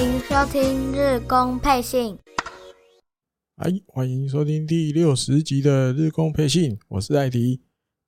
歡迎收聽日工配信。哎，歡迎收聽第六十集的日工配信，我是艾迪。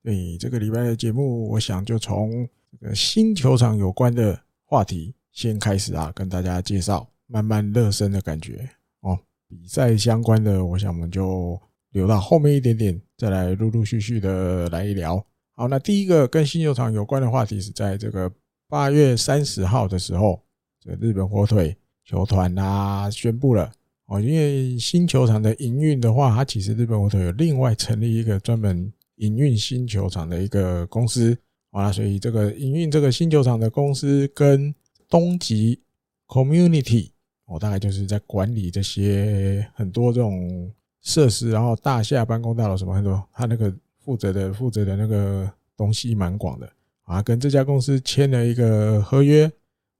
對，這個禮拜的節目，我想就從這個新球場有關的話題先開始啊，跟大家介紹慢慢熱身的感覺哦。比賽相關的，我想我們就留到後面一點點再來，陸陸續續的來一聊。好，那第一個跟新球場有關的話題是在這個八月三十號的時候，這日本火腿。球團啊，宣布了哦，因為新球場的營運的話，它其實日本火腿有另外成立一個專門營運新球場的一個公司，哦、好、啊、所以這個營運這個新球場的公司跟東急 Community，我、哦、大概就是在管理這些很多這種設施，然後大廈、辦公大樓什麼很多，他那個負責的負責的那個東西蠻廣的啊，跟這家公司簽了一個合約。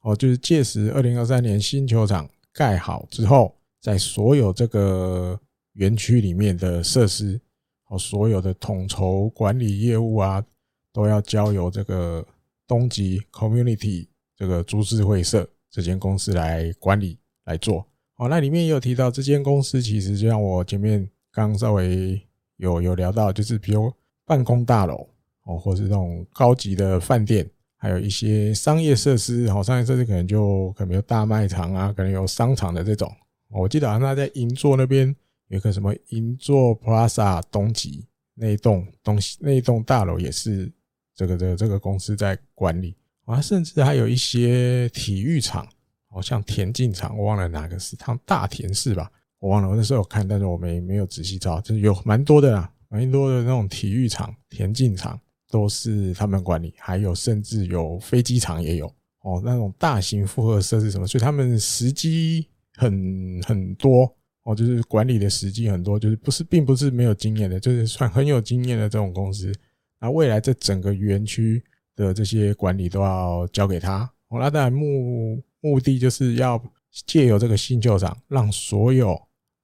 哦，就是屆時二零二三年新球場蓋好之後，在所有這個園區裡面的設施，哦，所有的統籌管理業務啊，都要交由這個東急 Community 這個株式會社這間公司來管理來做。哦，那裡面也有提到，這間公司其實就像我前面剛稍微有有聊到，就是比如辦公大樓哦，或是那種高級的飯店。還有一些商業設施，好，商業設施可能就可能有大賣場啊，可能有商場的這種。我記得好像他在銀座那邊有一個什麼銀座 Plaza 東急那一棟東西，那一棟大樓也是這個這個這個公司在管理啊，甚至還有一些體育場，好像田徑場，我忘了哪個是，他們大田市吧，我忘了，我那時候有看，但是我沒沒有仔細找，就是有蠻多的啦，蠻多的那種體育場、田徑場。都是他們管理，還有甚至有飛機場也有哦，那種大型複合設施什麼，所以他們時機很很多哦，就是管理的時機很多，就是不是並不是沒有經驗的，就是算很有經驗的這種公司。那、啊、未來這整個園區的這些管理都要交給他。好、哦、那當然目目的就是要借由這個新球場，讓所有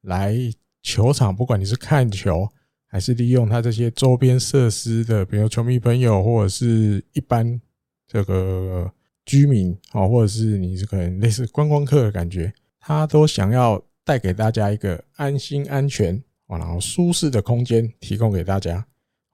來球場，不管你是看球。還是利用他這些周邊設施的，比如球迷朋友或者是一般這個居民啊，或者是你這個類似觀光客的感覺，他都想要帶給大家一個安心、安全啊，然後舒適的空間提供給大家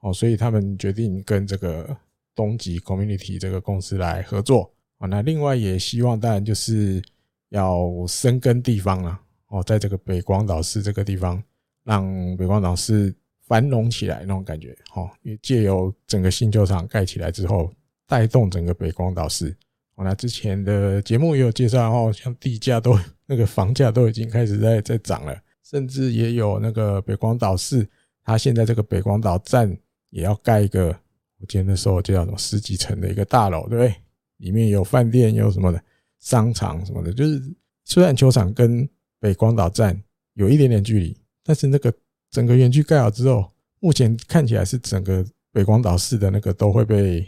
哦。所以他們決定跟這個東急 community 這個公司來合作啊。那另外也希望當然就是要深耕地方啊哦，在這個北廣島市這個地方，讓北廣島市，繁榮起來那種感覺，吼！因為借由整個新球場蓋起來之後，帶動整個北廣島市。我那之前的節目也有介紹，哦，像地價都那個房價都已經開始在在漲了，甚至也有那個北廣島市，它現在這個北廣島站也要蓋一個，我記得那時候就叫什麼十幾層的一個大樓，對不對？裡面有飯店，有什麼的商場什麼的。就是雖然球場跟北廣島站有一點點距離，但是那個。整個園區蓋好之後，目前看起來是整個北廣島市的那個都會被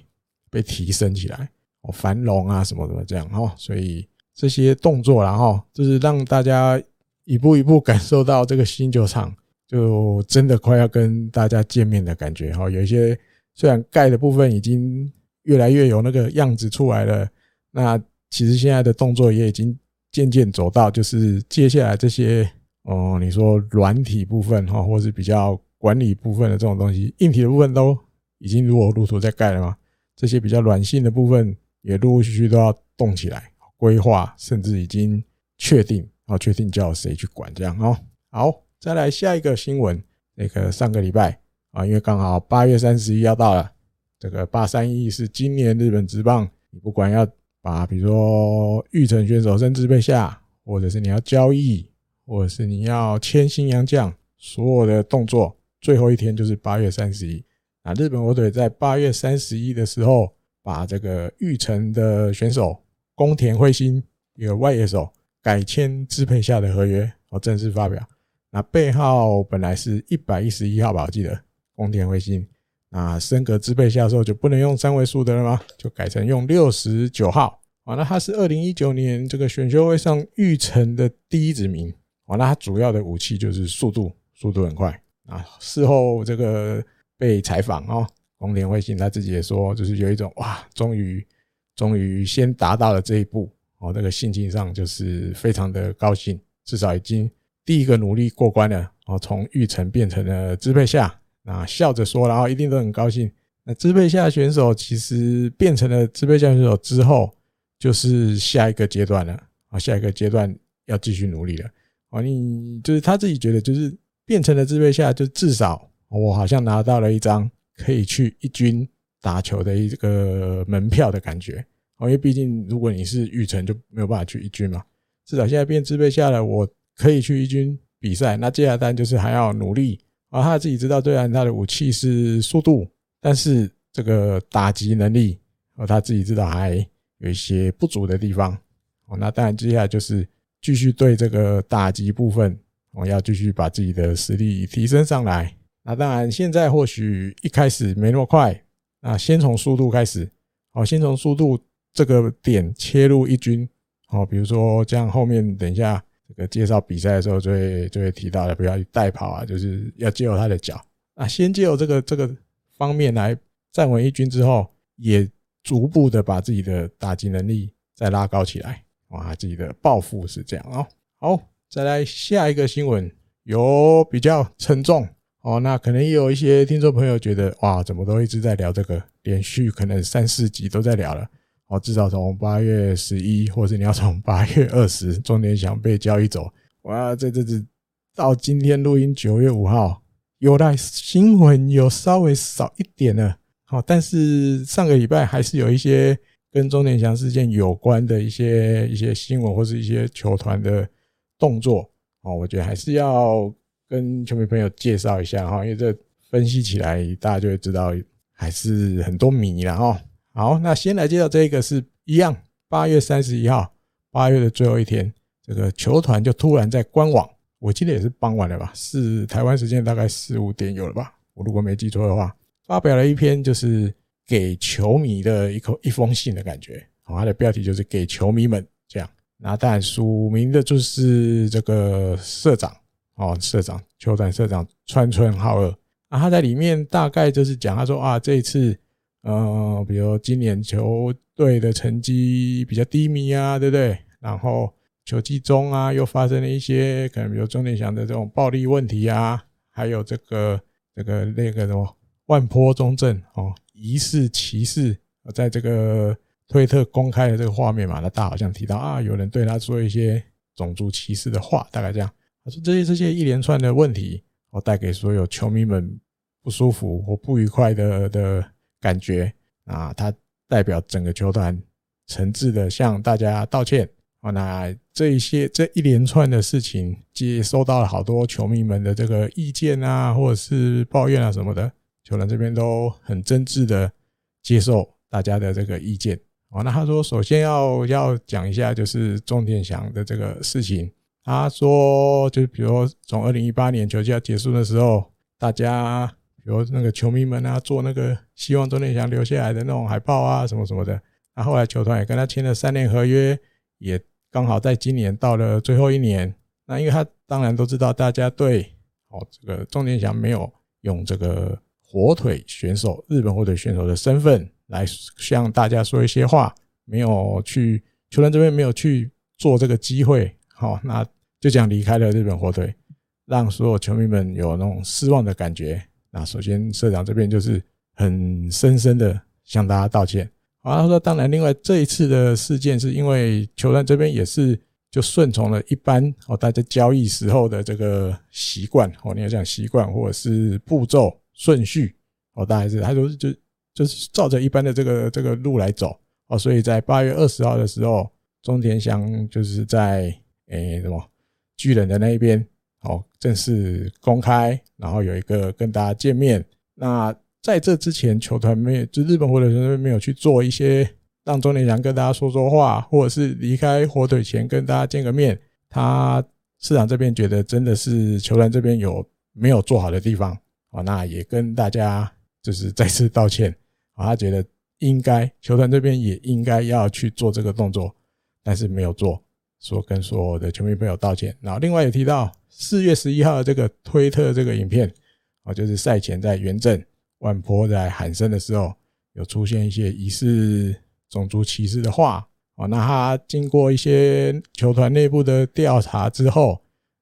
被提升起來，哦，繁榮啊，什麼什麼這樣哈，所以這些動作然後就是讓大家一步一步感受到這個新球場就真的快要跟大家見面的感覺哈。有一些雖然蓋的部分已經越來越有那個樣子出來了，那其實現在的動作也已經漸漸走到就是接下來這些。哦、嗯，你說軟體部分哈，或是比較管理部分的這種東西，硬體的部分都已經如火如荼在蓋了嗎？這些比較軟性的部分也陸陸續續都要動起來，規劃甚至已經確定啊，確定叫誰去管這樣哦。好，再來下一個新聞，那個上個禮拜啊，因為剛好八月三十一要到了，這個八三一是今年日本職棒，你不管要把比如說育成選手升格支配下，或者是你要交易。或是你要簽新洋將，所有的動作最後一天就是八月三十一。那日本火腿在八月三十一的時候，把這個育成的選手宮田輝星一個外野手改簽支配下的合約，哦，正式發表。那背號本來是一百一十一號吧，我記得宮田輝星。那升格支配下的時候就不能用三位數的了嗎？就改成用六十九號啊。那他是二零一九年這個選秀會上育成的第一指名。完了，哦、那他主要的武器就是速度，速度很快啊。事後這個被採訪啊，宮田輝星他自己也說，就是有一種哇，終於，終於先達到了這一步哦，那個心境上就是非常的高興，至少已經第一個努力過關了哦，從育成變成了支配下啊，笑着說，然後一定都很高興。那支配下選手其實變成了支配下選手之後，就是下一個階段了啊、哦，下一個階段要繼續努力了。啊，你就是他自己覺得，就是變成了支配下，就至少我好像拿到了一張可以去一軍打球的一個門票的感覺。哦，因為畢竟如果你是育成就沒有辦法去一軍嘛。至少現在變支配下來，我可以去一軍比賽。那接下來當然就是還要努力。啊，他自己知道，雖然他的武器是速度，但是這個打擊能力，和他自己知道還有一些不足的地方。哦，那當然接下來就是。繼續對這個打擊部分，我、哦、要繼續把自己的實力提升上來。那當然，現在或許一開始沒那麼快，那先從速度開始，好、哦，先從速度這個點切入一軍，好、哦，比如說像後面等一下這個介紹比賽的時候，就會就會提到的，不要去代跑啊，就是要借由他的腳，那先借由這個這個方面來站穩一軍之後，也逐步的把自己的打擊能力再拉高起來。哇，自己的抱負是這樣哦。好，好，再來下一個新聞，有比較沉重哦。那可能也有一些聽眾朋友覺得，哇，怎麼都一直在聊這個，連續可能三四集都在聊了。哦，至少從八月十一，或是你要從八月二十，重點想被交易走。哇，這這這到今天錄音九月五號，有賴新聞有稍微少一點了。好，但是上個禮拜還是有一些。跟中田翔事件有關的一些一些新聞或是一些球團的動作，哦，我覺得還是要跟球迷朋友介紹一下哈，因為這分析起來大家就會知道還是很多謎啦。哦。好，那先來介紹這個是一樣，八月三十一號，八月的最後一天，這個球團就突然在官網，我記得也是傍晚了吧，是台灣時間大概四五點有了吧，我如果沒記錯的話，發表了一篇就是。給球迷的一口一封信的感覺，好，它的標題就是給球迷們這樣。那當然署名的就是這個社長哦，社長，球團社長川村浩二。啊，他在裡面大概就是講，他說啊，這一次，呃，比如今年球隊的成績比較低迷啊，對不對？然後球季中啊，又發生了一些，可能比如中田翔的這種暴力問題啊，還有這個這個那個什麼萬波中正哦。疑似歧視，在這個推特公開的這個畫面嘛，那大好像提到啊，有人對他說一些種族歧視的話，大概這樣。他說，這些這些一連串的問題，我帶給所有球迷們不舒服或不愉快的的感覺啊，他代表整個球團誠摯的向大家道歉啊。那這一些這一連串的事情，接收到了好多球迷們的這個意見啊，或者是抱怨啊什麼的。球團這邊都很真摯的接受大家的這個意見哦。那他說，首先要要講一下就是中田翔的這個事情。他說，就比如從二零一八年球季要結束的時候，大家比如那個球迷們啊，做那個希望中田翔留下來的那種海報啊，什麼什麼的。那後來球團也跟他簽了三年合約，也剛好在今年到了最後一年。那因為他當然都知道大家對哦這個中田翔沒有用這個。火腿選手，日本火腿選手的身份來向大家說一些話，沒有去球團這邊沒有去做這個機會，好，那就這樣離開了日本火腿，讓所有球迷們有那種失望的感覺。那首先社長這邊就是很深深的向大家道歉。好，他說當然，另外這一次的事件是因為球團這邊也是就順從了一般哦，大家交易時候的這個習慣哦，你要講習慣或者是步驟。順序哦，大概是他就就就，就是照着一般的這個這個路來走哦，所以在八月二十號的時候，中田翔就是在誒、欸、什麼巨人的那一邊哦，正式公開，然後有一個跟大家見面。那在這之前，球團沒有就日本火腿這邊沒有去做一些讓中田翔跟大家說說話，或者是離開火腿前跟大家見個面。他市場這邊覺得真的是球團這邊有沒有做好的地方？哦，那也跟大家就是再次道歉。他覺得應該球團這邊也應該要去做這個動作，但是沒有做，說跟所有的球迷朋友道歉。然後另外也提到四月十一號的這個推特這個影片，啊，就是賽前在原陣萬波在喊聲的時候，有出現一些疑似種族歧視的話。哦，那他經過一些球團內部的調查之後。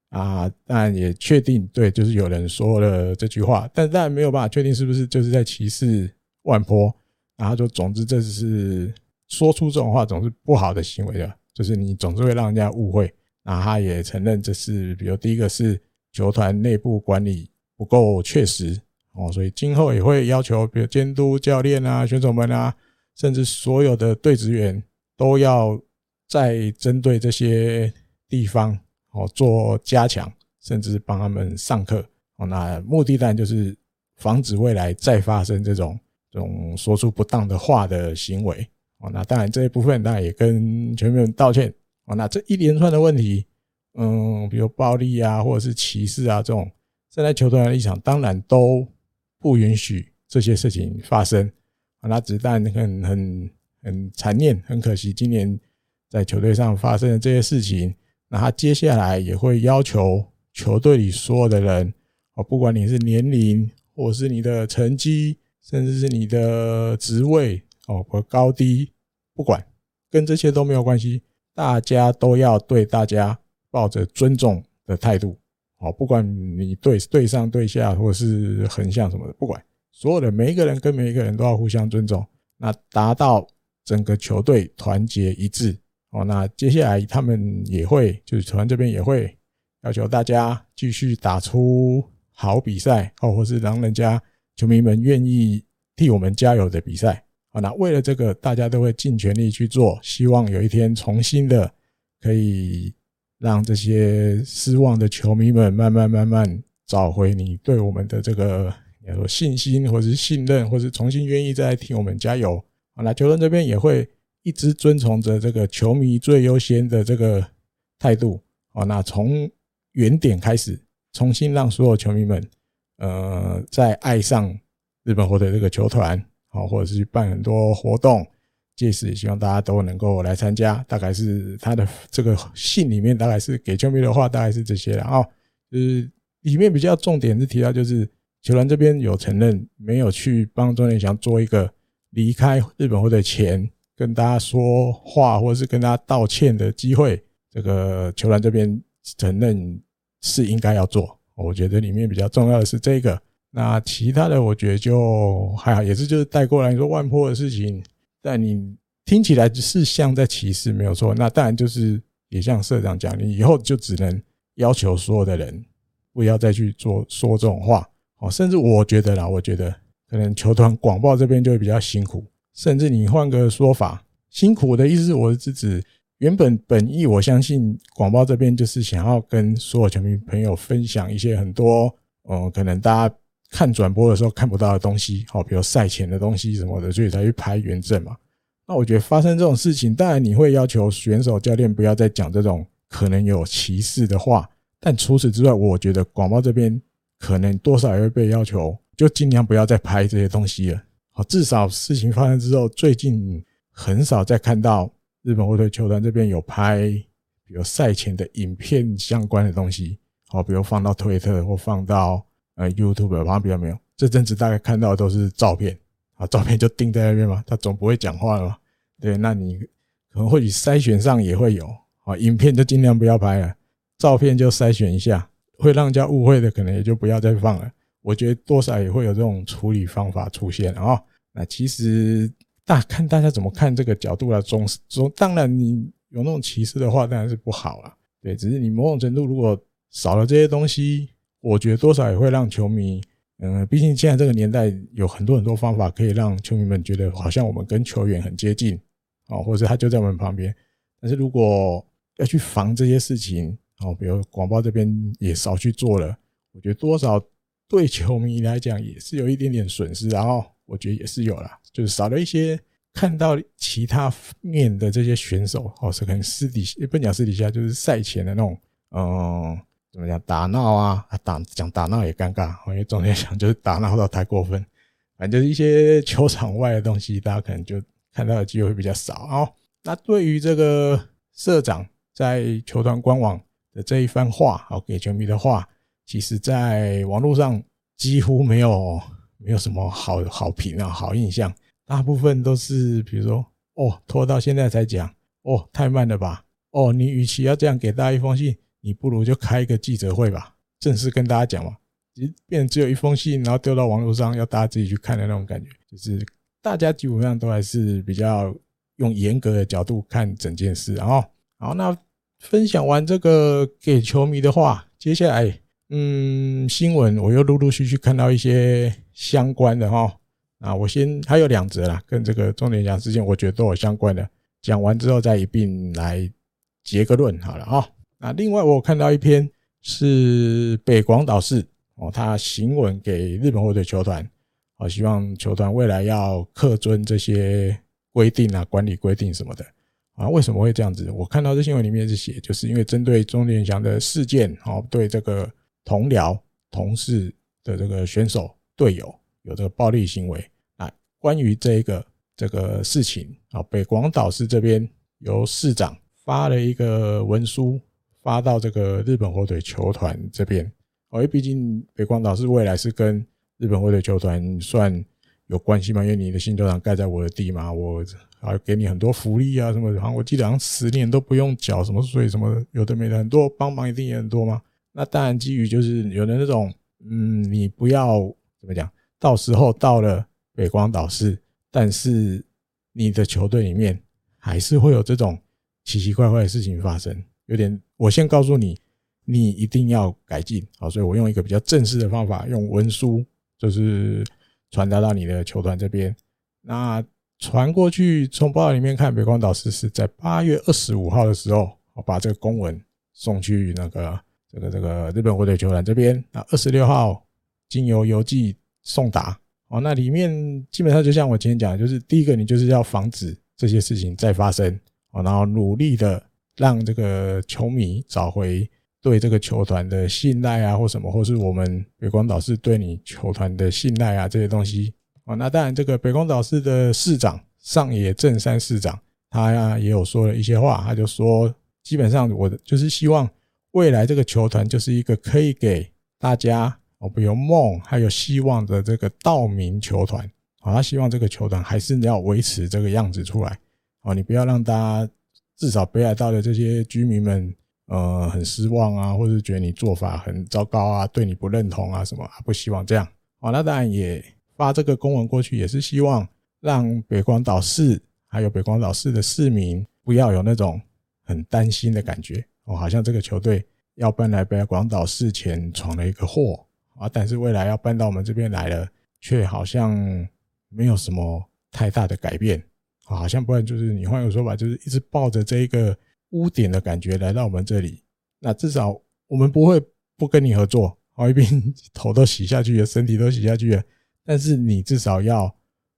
啊，但也確定對，就是有人說了這句話，但但沒有辦法確定是不是就是在歧視萬波。然後就總之這是說出這種話總是不好的行為的，就是你總是會讓人家誤會。然後他也承認，這是比如第一個是球團內部管理不夠確實哦，所以今後也會要求，比如監督教練啊、選手們啊，甚至所有的隊職員都要再針對這些地方。哦，做加強，甚至幫他們上課。哦，那目的當然就是防止未來再發生這種這種說出不當的話的行為。哦，那當然這一部分，當然也跟球迷們道歉。哦，那這一連串的問題，嗯，比如暴力啊，或者是歧視啊，這種站在球隊的立場當然都不允許這些事情發生。啊，那只是但很很很殘念，很可惜，今年在球隊上發生的這些事情。那他接下來也會要求球隊裡所有的人哦，不管你是年齡，或是你的成績，甚至是你的職位哦和高低，不管跟這些都沒有關係，大家都要對大家抱着尊重的態度哦，不管你對對上對下或是橫向什麼的，不管所有的每一個人跟每一個人都要互相尊重，那達到整個球隊團結一致。那接下來他們也會，就是球團這邊也會要求大家繼續打出好比賽，哦，或是讓人家球迷們願意替我們加油的比賽。啊，那為了這個，大家都會盡全力去做，希望有一天重新的可以讓這些失望的球迷們慢慢慢慢找回你對我們的這個說信心，或是信任，或是重新願意再替我們加油。啊，那球團這邊也會。一直遵從着這個球迷最優先的這個態度哦，那從原點開始，重新讓所有球迷們呃，再愛上日本火腿這個球團，好，或者是去辦很多活動，屆時也希望大家都能夠來參加。大概是他的這個信裡面，大概是給球迷的話，大概是這些啦。然後就是裡面比較重點是提到，就是球團這邊有承認沒有去幫中建祥做一個離開日本火腿前。跟大家說話或者是跟大家道歉的機會，這個球團這邊承認是應該要做，我覺得裡面比較重要的是這個。那其他的我覺得就還好，也是就是帶過來說萬波的事情，但你聽起來是像在歧視，沒有錯。那當然就是也像社長講，你以後就只能要求所有的人不要再去做說這種話哦。甚至我覺得啦，我覺得可能球團廣報這邊就會比較辛苦。甚至你換個說法，辛苦的意思，我是指原本本意，我相信廣報這邊就是想要跟所有球迷朋友分享一些很多，呃，可能大家看轉播的時候看不到的東西，好，比如賽前的東西什麼的，所以才去拍原證嘛。那我覺得發生這種事情，當然你會要求選手教練不要再講這種可能有歧視的話，但除此之外，我覺得廣報這邊可能多少也會被要求，就儘量不要再拍這些東西了。好，至少事情發生之後，最近很少再看到日本火腿球團這邊有拍，比如賽前的影片相關的東西、哦。好，比如放到推特或放到呃 YouTube，好像比較沒有。這陣子大概看到的都是照片，好，照片就定在那邊嘛，他總不會講話了嘛。對，那你可能或許篩選上也會有，好，影片就儘量不要拍了，照片就篩選一下，會讓人家誤會的可能也就不要再放了。我覺得多少也會有這種處理方法出現啊、哦。那其實大看大家怎麼看這個角度啊，總是總當然，你有那種歧視的話，當然是不好啦、啊，對，只是你某種程度如果少了這些東西，我覺得多少也會讓球迷，嗯，畢竟現在這個年代有很多很多方法可以讓球迷們覺得好像我們跟球員很接近啊、哦，或者是他就在我們旁邊。但是如果要去防這些事情，哦，比如廣播這邊也少去做了，我覺得多少對球迷來講也是有一點點損失，然後。我覺得也是有啦，就是少了一些看到其他面的這些選手好、哦、是可能私底下，不講私底下，就是賽前的那種，嗯，怎麼講打鬧啊,啊？打講打鬧也尷尬，我也總在想，就是打鬧得太過分，反正就是一些球場外的東西，大家可能就看到的機會會比較少啊、哦。那對於這個社長在球團官網的這一番話，哦，給球迷的話，其實在網絡上幾乎沒有。沒有什麼好好評啊，好印象，大部分都是比如說，哦，拖到現在才講，哦，太慢了吧，哦，你與其要這樣給大家一封信，你不如就開一個記者會吧，正式跟大家講嘛，即便只有一封信，然後丟到網絡上，要大家自己去看的那種感覺，就是大家基本上都還是比較用嚴格的角度看整件事，然後，好，那分享完這個給球迷的話，接下來，嗯，新聞我又陸陸續續續看到一些。相關的哈，啊，我先還有兩則啦，跟這個中田翔事件我覺得都有相關的，講完之後再一併來結個論好了啊。那另外我看到一篇是北廣島市哦，他行文給日本火腿球團，啊，希望球團未來要恪遵這些規定啊，管理規定什麼的啊。為什麼會這樣子？我看到這新聞裡面是寫，就是因為針對中田翔的事件哦，對這個同僚、同事的這個選手。隊友有這個暴力行為啊！關於這個這個事情啊，北廣島市這邊由市長發了一個文書，發到這個日本火腿球團這邊。因為畢竟北廣島市未來是跟日本火腿球團算有關係嘛，因為你的新球場蓋在我的地嘛，我啊給你很多福利啊，什麼好像我記得好像十年都不用繳什麼稅，什麼有的沒的，很多幫忙一定也很多嘛。那當然基於就是有的那種，嗯，你不要。怎麼講？到時候到了北廣島市，但是你的球隊裡面還是會有這種奇奇怪怪的事情發生。有點，我先告訴你，你一定要改進。好，所以我用一個比較正式的方法，用文書就是傳達到你的球團這邊。那傳過去，從報道裡面看，北廣島市是在八月二十五號的時候，我把這個公文送去那個這個這個日本火腿球團這邊。那二十六號。經由郵寄送達哦，那裡面基本上就像我前面講的，就是第一個，你就是要防止這些事情再發生哦，然後努力的讓這個球迷找回對這個球團的信賴啊，或什麼，或是我們北廣島市對你球團的信賴啊，這些東西哦。那當然，這個北廣島市的市長上野正三市長他呀也有說了一些話，他就說，基本上我就是希望未來這個球團就是一個可以給大家。哦，比如夢還有希望的這個道民球團，好，他希望這個球團還是要維持這個樣子出來，哦，你不要讓大家，至少北海道的這些居民們，呃，很失望啊，或是覺得你做法很糟糕啊，對你不認同啊，什麼，不希望這樣，好，那當然也發這個公文過去，也是希望讓北廣島市還有北廣島市的市民不要有那種很擔心的感覺，哦，好像這個球隊要搬來北廣島市前闖了一個禍。啊！但是未來要搬到我們這邊來了，卻好像沒有什麼太大的改變，好像不然就是你換個說法，就是一直抱着這一個污點的感覺來到我們這裡。那至少我們不會不跟你合作。好，一邊頭都洗下去了，身體都洗下去了。但是你至少要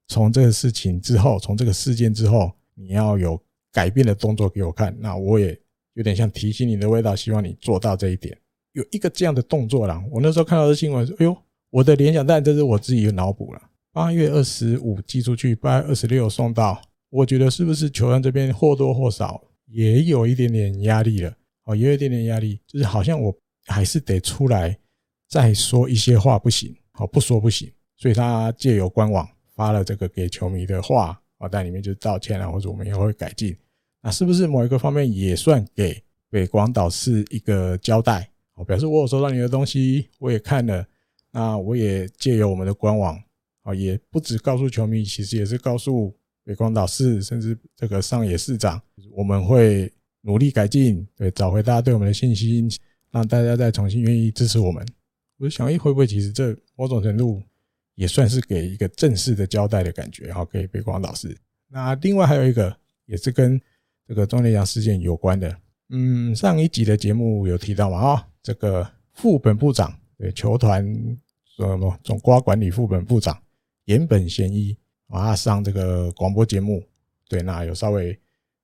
從這個事情之後，從這個事件之後，你要有改變的動作給我看。那我也有點像提醒你的味道，希望你做到這一點。有一個這樣的動作啦，我那時候看到的新聞說：“哎呦，我的聯想，但這是我自己又腦補了。”八月二十五寄出去，八月二十六送到。我覺得是不是球員這邊或多或少也有一點點壓力了？哦，也有一點點壓力，就是好像我還是得出來再說一些話不行，哦，不說不行。所以他借由官網發了這個給球迷的話，哦，在裡面就是道歉啊，或者我們也會改進。那是不是某一個方面也算給北廣島市一個交代？表示我有收到你的東西，我也看了。那我也借由我們的官網啊，也不只告訴球迷，其實也是告訴北廣島市，甚至這個上野市長，我們會努力改進，對，找回大家對我們的信心，讓大家再重新願意支持我們。我就想，咦，會不會其實這某種程度也算是給一個正式的交代的感覺？好，喔，給北廣島市。那另外還有一個，也是跟這個莊連洋事件有關的。嗯，上一集的節目有提到嘛。啊。這個副本部長，對球團什麼總瓜管理副本部長，岩本賢一啊上這個廣播節目，對，那有稍微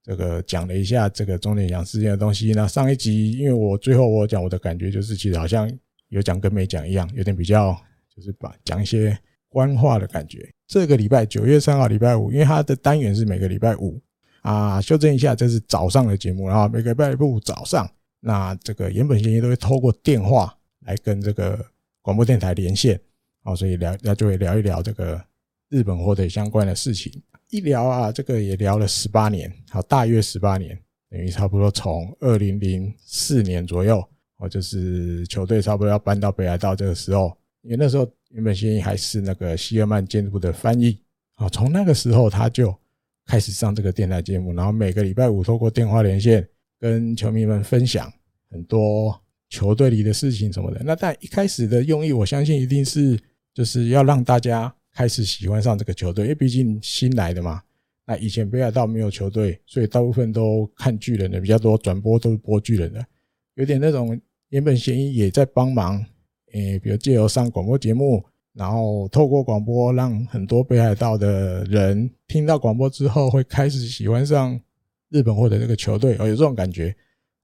這個講了一下這個中年洋事件的東西。那上一集，因為我最後我有講我的感覺就是，其實好像有講跟沒講一樣，有點比較就是把講一些官話的感覺。這個禮拜九月三號禮拜五，因為它的單元是每個禮拜五啊，修正一下，這是早上的節目，然後每個禮拜五早上。那這個岩本賢一都會透過電話來跟這個廣播電台連線啊，所以聊那就會聊一聊這個日本火腿相關的事情。一聊啊，這個也聊了十八年，好，大約十八年，等於差不多從二零零四年左右，哦，就是球隊差不多要搬到北海道這個時候，因為那時候岩本賢一還是那個希爾曼監督部的翻譯啊，從那個時候他就開始上這個電台節目，然後每個禮拜五透過電話連線。跟球迷們分享很多球隊裡的事情什麼的。那在一開始的用意，我相信一定是就是要讓大家開始喜歡上這個球隊，因為畢竟新來的嘛。那以前北海道沒有球隊，所以大部分都看巨人的比較多，轉播都是播巨人的，有點那種原本嫌疑也在幫忙。誒，比如借由上廣播節目，然後透過廣播讓很多北海道的人聽到廣播之後，會開始喜歡上。日本或者這個球隊，哦，有這種感覺。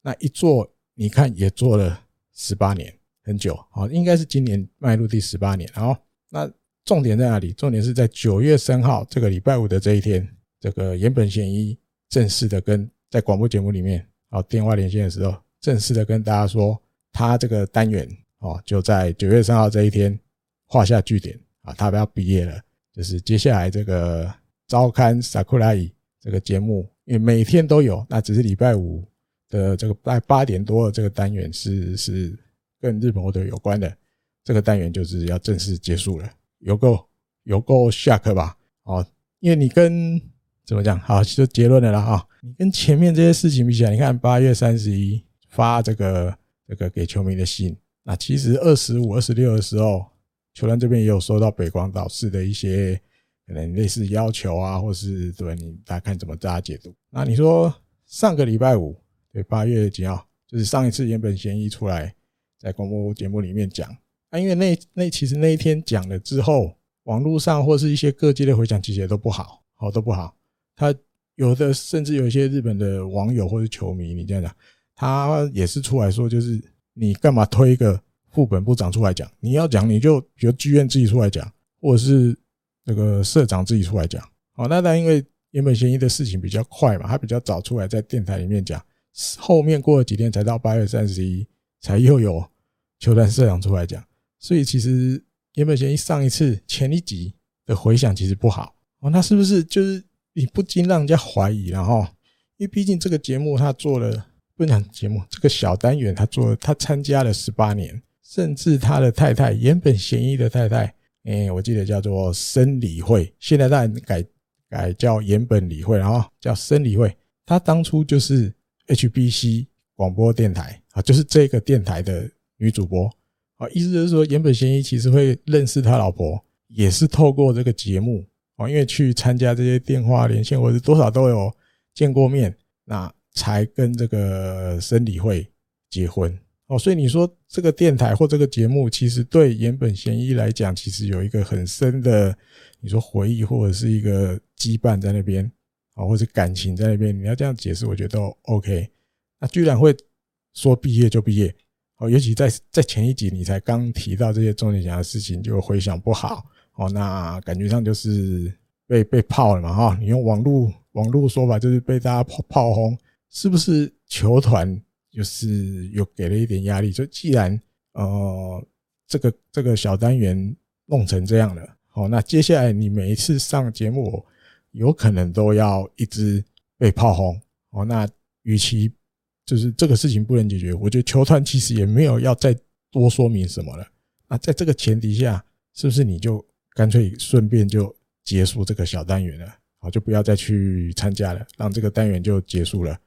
那一做，你看也做了十八年，很久好，哦，應該是今年邁入第十八年。然後，那重點在哪裡？重點是在九月三號這個禮拜五的這一天，這個岩本賢一正式的跟在廣播節目裡面啊電話連線的時候，正式的跟大家說，他這個單元哦，就在九月三號這一天畫下句點啊，他要畢業了。就是接下來這個招刊薩庫拉這個節目，因為每天都有，那只是禮拜五的這個在八點多的這個單元是是跟日本或者有關的，這個單元就是要正式結束了，有夠有夠下課吧？哦，因為你跟怎麼講，好就結論了啦。啊、哦。你跟前面這些事情比起來，你看八月三十一發這個這個給球迷的信，那其實二十五、二十六的時候，球團這邊也有收到北廣島市的一些。可能類似要求啊，或是對你大家看怎麼大家解讀？那你說上個禮拜五對八月幾號，就是上一次岩本賢一出來在廣播節目裡面講啊，因為那那其實那一天講了之後，網絡上或是一些各界的回響其實都不好，好都不好。他有的甚至有一些日本的網友或者球迷，你這樣講，他也是出來說，就是你幹嘛推一個副本部長出來講？你要講你就比如劇院自己出來講，或者是。那個社長自己出來講，哦，那當然因為岩本賢一的事情比較快嘛，他比較早出來在電台裡面講，後面過了幾天才到八月三十一，才又有球團社長出來講，所以其實岩本賢一上一次前一集的回響其實不好哦，那是不是就是你不禁讓人家懷疑，然後因為畢竟這個節目他做了，不是講節目，這個小單元他做了，他參加了十八年，甚至他的太太岩本賢一的太太。誒、欸，我記得叫做生理會，現在在改改叫岩本理會，然後叫生理會。她當初就是 HBC 廣播電台啊，就是這個電台的女主播啊。意思就是說，岩本賢一其實會認識他老婆，也是透過這個節目啊，因為去參加這些電話連線，或是多少都有見過面，那才跟這個生理會結婚。哦，所以你說這個電台或這個節目，其實對岩本賢一來講，其實有一個很深的，你說回憶或者是一個羈絆在那邊，啊、哦，或者感情在那邊，你要這樣解釋，我覺得都 OK。那居然會說畢業就畢業，哦，尤其在在前一集你才剛提到這些中田翔的事情，就回想不好，哦，那感覺上就是被被炮了嘛，哈、哦，你用網絡網絡說法就是被大家炮炮轟，是不是球團？就是又給了一點壓力，就既然呃這個這個小單元弄成這樣了，好，那接下來你每一次上節目，有可能都要一直被炮轟，哦，那與其就是這個事情，不能解決，我覺得球團其實也沒有要再多說明什麼了。那在這個前提下，是不是你就乾脆順便就結束這個小單元了？好，就不要再去參加了，讓這個單元就結束了。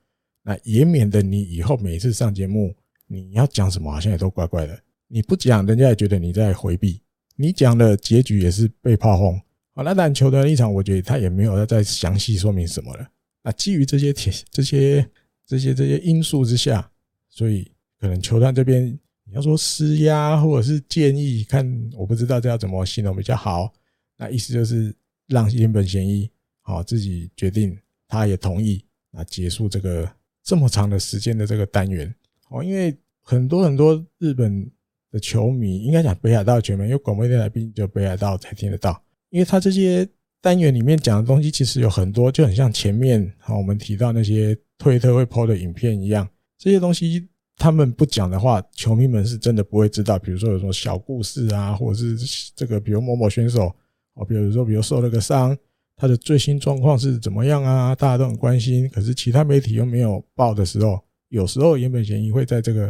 那也免得你以後每次上節目，你要講什麼好像也都怪怪的。你不講，人家也覺得你在回避；你講了，結局也是被炮轟。好，那但球團的立場，我覺得他也沒有要再詳細說明什麼了。那基於這些這些、這些、這些因素之下，所以可能球團這邊你要說施壓或者是建議，看我不知道這要怎麼形容比較好。那意思就是讓岩本賢一好自己決定，他也同意啊結束這個。這麼長的時間的這個單元，哦，因為很多很多日本的球迷，應該講北海道球迷，因為廣播電台畢竟只有北海道才聽得到。因為他這些單元裡面講的東西，其實有很多就很像前面啊、哦、我們提到那些推特會 po 的影片一樣，這些東西他們不講的話，球迷們是真的不會知道。比如說有什麼小故事啊，或者是這個，比如某某選手哦，比如說比如受了個傷。他的最新狀況是怎麼樣啊？大家都很關心，可是其他媒體又沒有報的時候，有時候原本賢一會在這個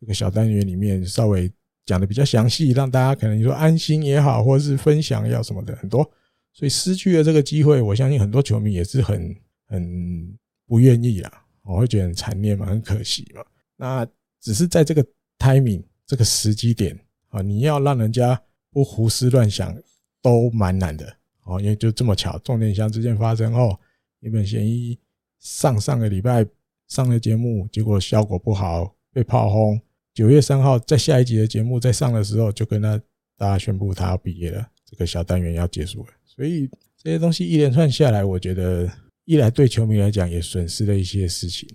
這個小單元裡面稍微講的比較詳細，讓大家可能你說安心也好，或者是分享也好什麼的很多，所以失去了這個機會，我相信很多球迷也是很很不願意啦、哦，我會覺得很殘念嘛，很可惜嘛。那只是在這個 timing 這個時機點啊，你要讓人家不胡思亂想都蠻難的。哦，因為就這麼巧，重電箱事件發生後，岩本賢一上上個禮拜上了節目，結果效果不好，被炮轟。九月三號在下一集的節目再上的時候，就跟他大家宣布他要畢業了，這個小單元要結束了。所以這些東西一連串下來，我覺得一來對球迷來講也損失了一些事情，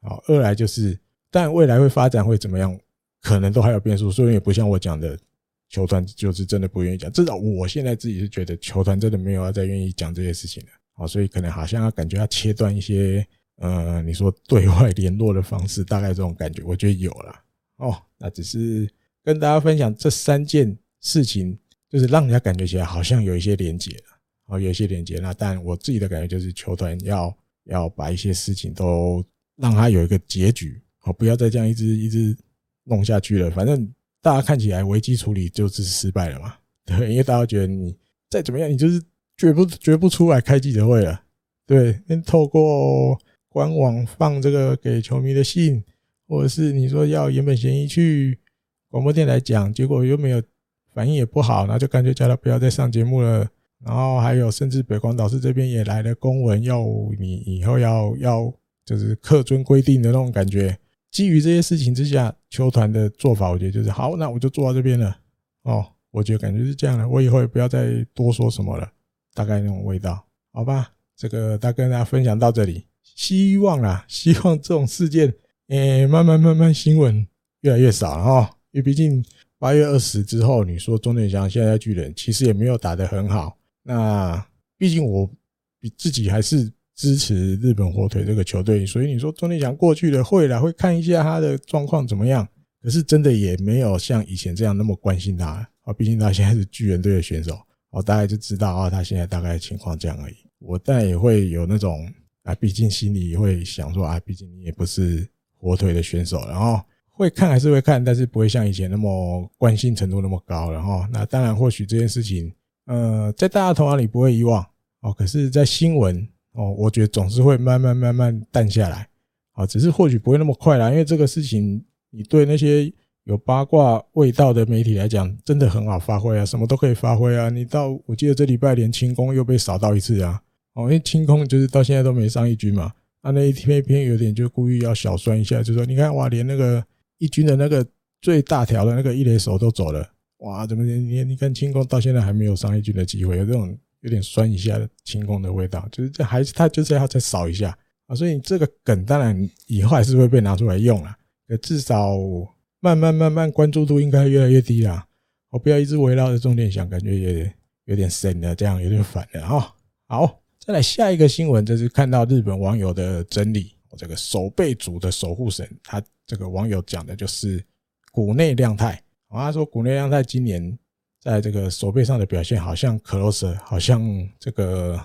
啊，二來就是，但未來會發展會怎麼樣，可能都還有變數，所以也不像我講的。球團就是真的不願意講，至少我現在自己是覺得球團真的沒有要再願意講這些事情了。好，所以可能好像要感覺要切斷一些，呃，你說對外聯絡的方式，大概這種感覺我覺得有了哦。那只是跟大家分享這三件事情，就是讓人家感覺起來好像有一些連接了，好，有一些連接，那但我自己的感覺就是球團要要把一些事情都讓它有一個結局，好，喔，不要再這樣一直一直弄下去了，反正。大家看起來危機處理就只是失敗了嘛？對，因為大家覺得你再怎麼樣，你就是絕不絕不出來開記者會了。對，透過官網放這個給球迷的信，或者是你說要岩本賢一去廣播電台來講，結果又沒有反應，也不好，那就乾脆叫他不要再上節目了。然後還有，甚至北廣島市這邊也來了公文，要你以後要要就是恪遵規定的那種感覺。基於這些事情之下，球團的做法，我覺得就是好，那我就做到這邊了哦。我覺得感覺是這樣了，我以後也不要再多說什麼了，大概那種味道，好吧？這個大概跟大家分享到這裡，希望啦，希望這種事件，誒、欸，慢慢慢慢，新聞越來越少了哈、哦。因為畢竟八月二十之後，你說中田翔現在，在巨人其實也沒有打得很好，那畢竟我，比自己還是。支持日本火腿這個球隊，所以你說中田翔過去的會來會看一下他的狀況怎麼樣，可是真的也沒有像以前這樣那麼關心他啊。畢竟他現在是巨人隊的選手，哦，大概就知道啊，他現在大概情況這樣而已。我當然也會有那種啊，畢竟心裡會想說啊，畢竟你也不是火腿的選手，然後會看還是會看，但是不會像以前那麼關心程度那麼高。然後那當然或許這件事情，呃，在大家頭腦裡不會遺忘哦，可是在新聞。哦，我覺得總是會慢慢慢慢淡下來，啊，只是或許不會那麼快啦，因為這個事情，你對那些有八卦味道的媒體來講，真的很好發揮啊，什麼都可以發揮啊。你到我記得這禮拜連清宮又被掃到一次啊，哦，因為清宮就是到現在都沒上一軍嘛，啊，那一篇篇有點就故意要小酸一下，就是說你看哇，連那個一軍的那個最大條的那個一壘手都走了，哇，怎麼你你看清宮到現在還沒有上一軍的機會，有這種。有點酸一下的清空的味道，就是這還是他就是要再掃一下啊，所以這個梗當然以後還是會被拿出來用啦，至少慢慢慢慢關注度應該越來越低了。我不要一直圍繞着重點想，感覺也有點深了，這樣有點煩了哈、哦。好，再來下一個新聞，就是看到日本網友的整理，這個守備組的守護神，他這個網友講的就是谷內亮太、哦，他說谷內亮太今年。在這個守備上的表現，好像 closer，好像這個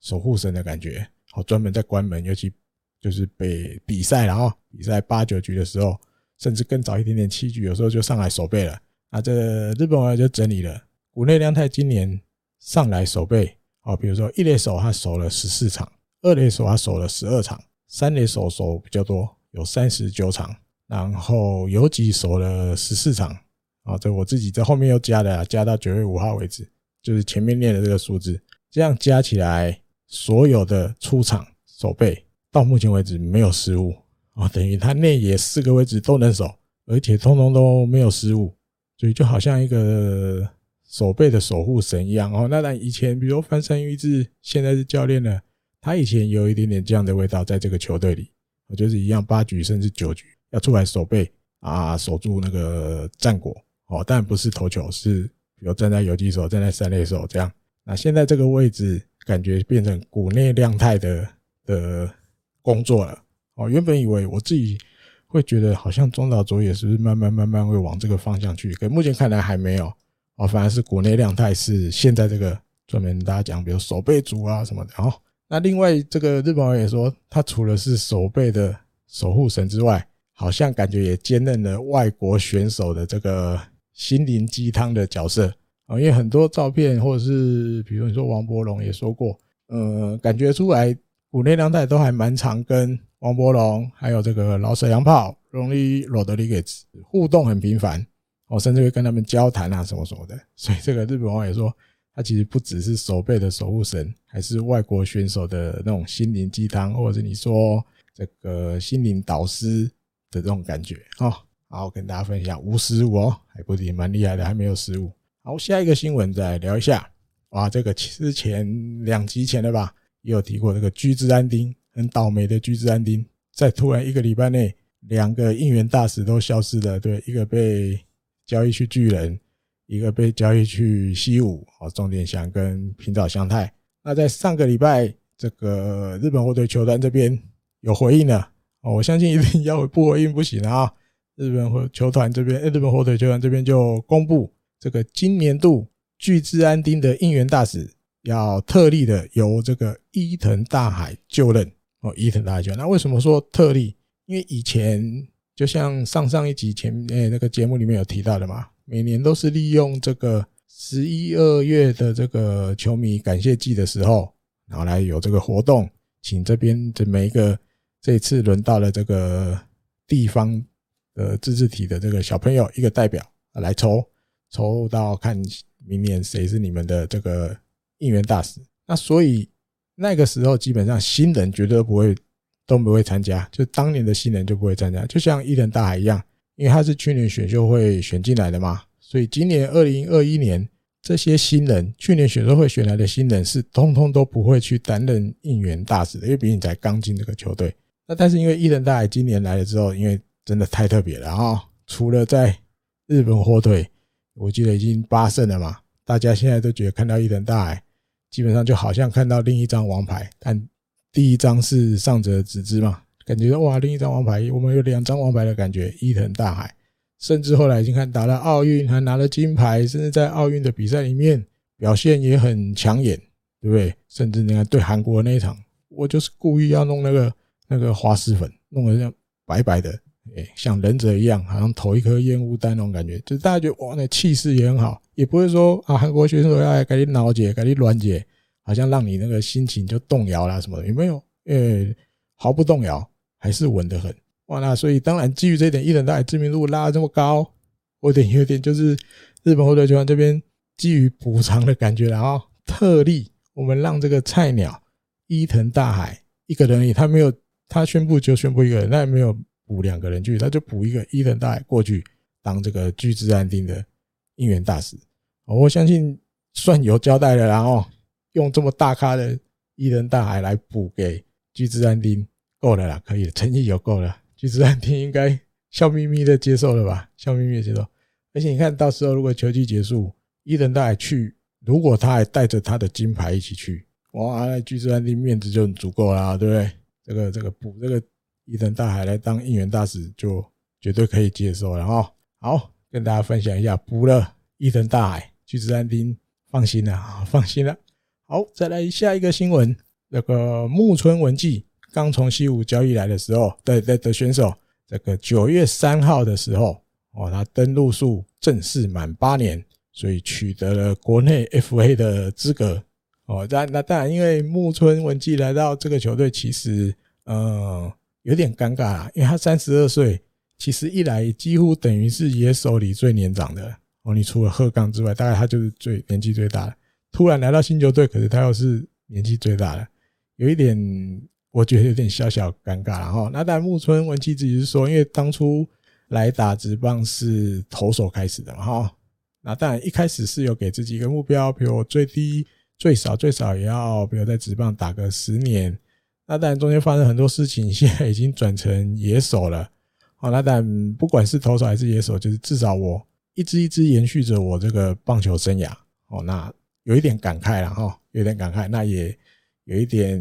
守護神的感覺，好專門在關門，尤其就是被比賽，然後比賽八九局的時候，甚至更早一點點七局，有時候就上來守備了。那這日本網友就整理了谷內亮太今年上來守備，哦，比如說一壘手他守了十四場，二壘手他守了十二場，三壘手守比較多，有三十九場，然後游擊守了十四場。啊，這、哦、我自己在後面又加的，加到九月五號為止，就是前面念的這個數字，這樣加起來所有的出場守備到目前為止沒有失誤啊、哦，等於他內野四個位置都能守，而且通通都沒有失誤，所以就好像一個守備的守護神一樣哦。那但以前比如說翻山裕志，現在是教練了，他以前有一點點這樣的味道在這個球隊裡，我就是一樣八局甚至九局要出來守備啊，守住那個戰果。哦，但不是投球，是比如站在游擊手、站在三壘手這樣。那現在這個位置感覺變成谷內亮太的的工作了。哦，原本以為我自己會覺得好像中島卓也是慢慢慢慢會往這個方向去，可目前看來還沒有。哦，反而是谷內亮太是現在這個專門跟大家講，比如守備組啊什麼的。哦，那另外這個日本人也說，他除了是守備的守護神之外，好像感覺也兼任了外國選手的這個。心靈雞湯的角色啊，因為很多照片，或者是比如你說王柏融也說過，呃感覺出來谷內亮太都還蠻常跟王柏融還有這個老舍洋炮榮利羅德里格斯互動很頻繁，哦，甚至會跟他們交談啊什麼什麼的。所以這個日本網友說，他其實不只是守備的守護神，還是外國選手的那種心靈雞湯，或者是你說這個心靈導師的這種感覺啊。好，跟大家分享無失誤哦，還不停蠻厲害的，還沒有失誤。好，下一個新聞再聊一下。哇，這個之前兩集前的吧，也有提過這個俱知安町，很倒霉的俱知安町，在突然一個禮拜內，兩個應援大使都消失了。對，一個被交易去巨人，一個被交易去西武。哦，中田翔跟平沼翔太。那在上個禮拜，這個日本火腿球團這邊有回應了。哦，我相信一定要不回應不行啊、哦。日本火球團這邊，日本火腿球團這邊就公布，這個今年度倶知安町的應援大使要特例的由這個伊藤大海就任哦。伊藤大海就任。那為什麼說特例？因為以前就像上上一集前誒、哎，那個節目裡面有提到的嘛，每年都是利用這個十一二月的這個球迷感謝季的時候，然後來有這個活動，請這邊的每一個，這次輪到了這個地方。呃，自治體的這個小朋友一個代表來抽，抽到看明年誰是你們的這個應援大使。那所以那個時候基本上新人絕對都不會都不會參加，就當年的新人就不會參加。就像伊藤大海一樣，因為他是去年選秀會選進來的嘛，所以今年二零二一年這些新人，去年選秀會選來的新人是通通都不會去擔任應援大使的，因為畢竟才剛進這個球隊。那但是因為伊藤大海今年來了之後，因為真的太特別了啊！除了在日本火腿，我記得已經八勝了嘛。大家現在都覺得看到伊藤大海，基本上就好像看到另一張王牌，但第一張是上澤直之嘛，感覺哇，另一張王牌，我們有兩張王牌的感覺。伊藤大海，甚至後來已經看打了奧運，還拿了金牌，甚至在奧運的比賽裡面表現也很搶眼，對不對？甚至你看對韓國的那一場，我就是故意要弄那個那個滑石粉，弄得這樣白白的。哎、欸，像忍者一樣，好像投一顆煙霧彈那種感覺，就是大家覺得哇，那氣勢也很好，也不會說啊，韓國選手要來給你撓解，給你軟解，好像讓你那個心情就動搖啦什麼的，有沒有？誒、欸、毫不動搖，還是穩得很哇。哇啦，所以當然基於這一點，伊藤大海知名度拉的這麼高，我有點有點就是日本火腿隊這邊基於補償的感覺，然後特例，我們讓這個菜鳥伊藤大海一個人，他沒有，他宣布就宣布一個人，那也沒有。補兩個人去，他就補一個伊藤大海過去當這個俱知安町的應援大使。我相信算有交代了，然後用這麼大咖的伊藤大海來補給俱知安町，夠了啦，可以了，誠意有夠了。俱知安町應該笑眯眯的接受了吧？笑眯眯的接受。而且你看到時候如果球季結束，伊藤大海去，如果他還帶着他的金牌一起去，哇，那俱知安町面子就很足夠啦，對不對？這個這個補這個。伊藤大海來當應援大使，就絕對可以接受了哈。好，跟大家分享一下，補了，伊藤大海俱知安町，放心了啊，放心了。好，心了好，再來下一個新聞，那個木村文紀剛從西武交易來的時候，對對的選手，這個九月三號的時候，哦，他登錄數正式滿八年，所以取得了國內 FA 的資格。哦，當然，當然，因為木村文紀來到這個球隊，其實嗯、呃。有點尷尬啊，因為他三十二歲，其實一來幾乎等於是野手裡最年長的哦。你除了鶴岡之外，大概他就是最年紀最大的。突然來到新球隊，可是他又是年紀最大的，有一點我覺得有點小小尷尬哈。那但木村文紀自己是說，因為當初來打職棒是投手開始的哈。那當然一開始是有給自己一個目標，比如我最低最少最少也要，比如我在職棒打個十年。那當然，中間發生很多事情，現在已經轉成野手了。哦，那但不管是投手還是野手，就是至少我一直一直延續着我這個棒球生涯。哦，那有一點感慨了哈，有點感慨，那也有一點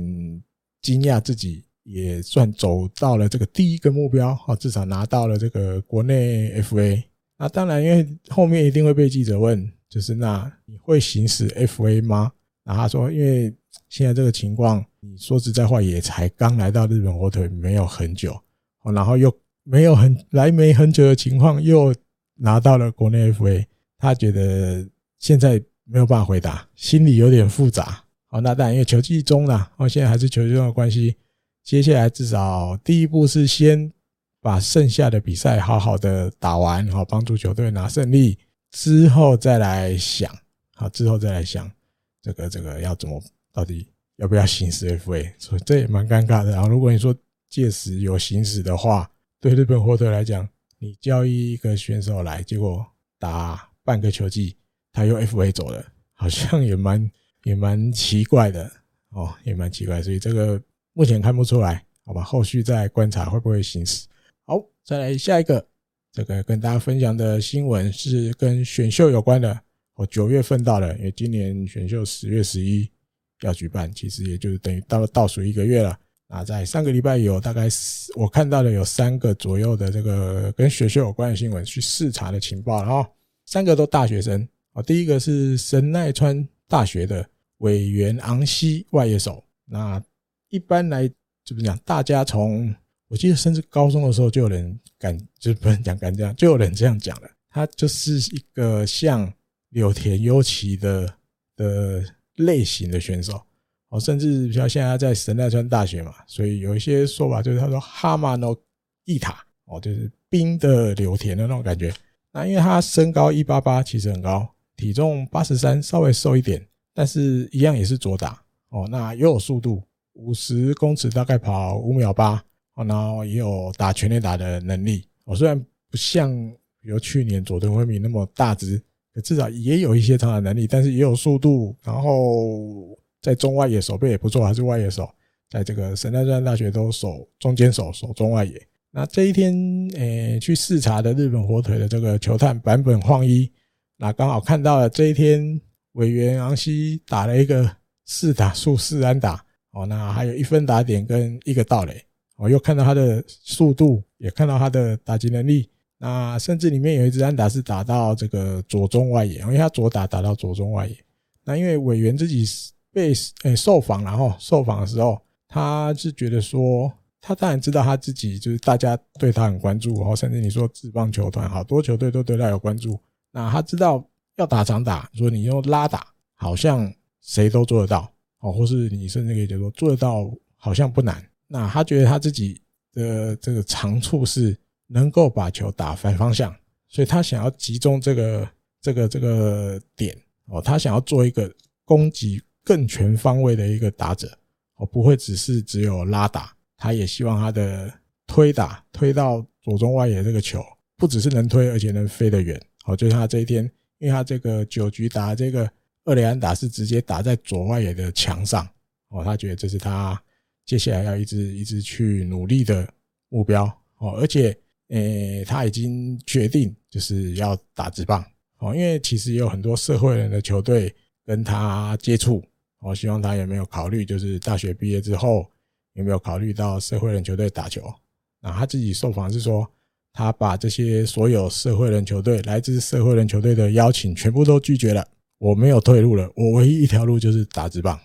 驚訝，自己也算走到了這個第一個目標。哦，至少拿到了這個國內 FA。那當然，因為後面一定會被記者問，就是那你會行使 FA 嗎？然後他說，因為現在這個情況。嗯、說實在話，也才剛來到日本火腿沒有很久，哦，然後又沒有很來沒很久的情況，又拿到了國內 FA，他覺得現在沒有辦法回答，心裡有點複雜。好，那當然，因為球季中啦、啊，哦，現在還是球季中的關係，接下來至少第一步是先把剩下的比賽好好的打完，好、哦、幫助球隊拿勝利之後再來想，好，之後再來想這個這個要怎麼到底。要不要行使 FA？所以這也蠻尷尬的。然後如果你說屆時有行使的話，對日本火腿來講，你交易一個選手來，結果打半個球季，他又 FA 走了，好像也蠻也蠻奇怪的哦、喔，也蠻奇怪。所以這個目前看不出來，好吧，後續再觀察會不會行使。好，再來下一個，這個跟大家分享的新聞是跟選秀有關的。哦，九月份到了，因為今年選秀十月十一。要舉辦，其實也就是等於到了倒數一個月了。那在上個禮拜有大概我看到的有三個左右的這個跟選秀有關的新聞，去視察的情報，然後三個都大學生啊。第一個是神奈川大學的委員昂西外野手。那一般來就是講，大家從我記得，甚至高中的時候就有人敢，就是不能講敢這樣，就有人這樣講了。他就是一個像柳田悠岐的的，類型的選手，哦，甚至比如現在在神奈川大學嘛，所以有一些說法就是他說哈馬諾伊塔哦，就是冰的柳田的那種感覺。那因為他身高一八八，其實很高，體重八十三，稍微瘦一點，但是一樣也是左打哦，那也有速度，五十公尺大概跑五秒八，哦，然後也有打全壘打的能力。哦，雖然不像比如去年佐藤輝明那麼大只。至少也有一些長打能力，但是也有速度，然後在中外野守備也不錯，還是外野手，在這個神奈川大學都守中間守守中外野。那這一天，誒、呃，去視察的日本火腿的這個球探坂本晃一，那剛好看到了這一天委員昂西打了一個四打數四安打，哦，那還有一分打點跟一個盜壘，我、哦、又看到他的速度，也看到他的打擊能力。那甚至裡面有一支安打是打到這個左中外野，因為他左打打到左中外野。那因為委員自己被呃、受訪，然後受訪的時候，他是覺得說，他當然知道他自己就是大家對他很關注，然後甚至你說職棒球團好多球隊都對他有關注。那他知道要打長打，說你用拉打好像誰都做得到，哦，或是你甚至可以覺得說做得到好像不難。那他覺得他自己的這個長處是。能夠把球打反方向，所以他想要集中這個這個這個點哦，他想要做一個攻擊更全方位的一個打者哦，不會只是只有拉打，他也希望他的推打推到左中外野這個球，不只是能推，而且能飛得遠哦。就像他這一天，因為他這個九局打這個二壘安打是直接打在左外野的牆上哦，他覺得這是他接下來要一直一直去努力的目標哦，而且。誒、欸，他已經決定，就是要打職棒，哦，因為其實也有很多社會人的球隊跟他接觸，我希望他有沒有考慮，就是大學畢業之後有沒有考慮到社會人球隊打球？那他自己受訪是說，他把這些所有社會人球隊來自社會人球隊的邀請全部都拒絕了，我沒有退路了，我唯一一條路就是打職棒，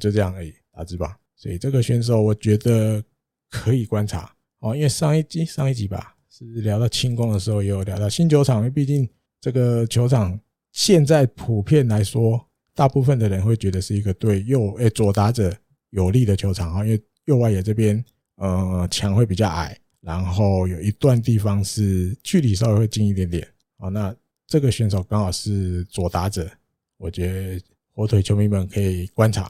就這樣而、欸、已，打職棒。所以這個選手我覺得可以觀察哦，因為上一集上一集吧。是聊到清宮的時候，也有聊到新球場，因為畢竟這個球場現在普遍來說，大部分的人會覺得是一個對右哎左打者有利的球場啊，因為右外野這邊呃牆會比較矮，然後有一段地方是距離稍微會近一點點啊，那這個選手剛好是左打者，我覺得火腿球迷們可以觀察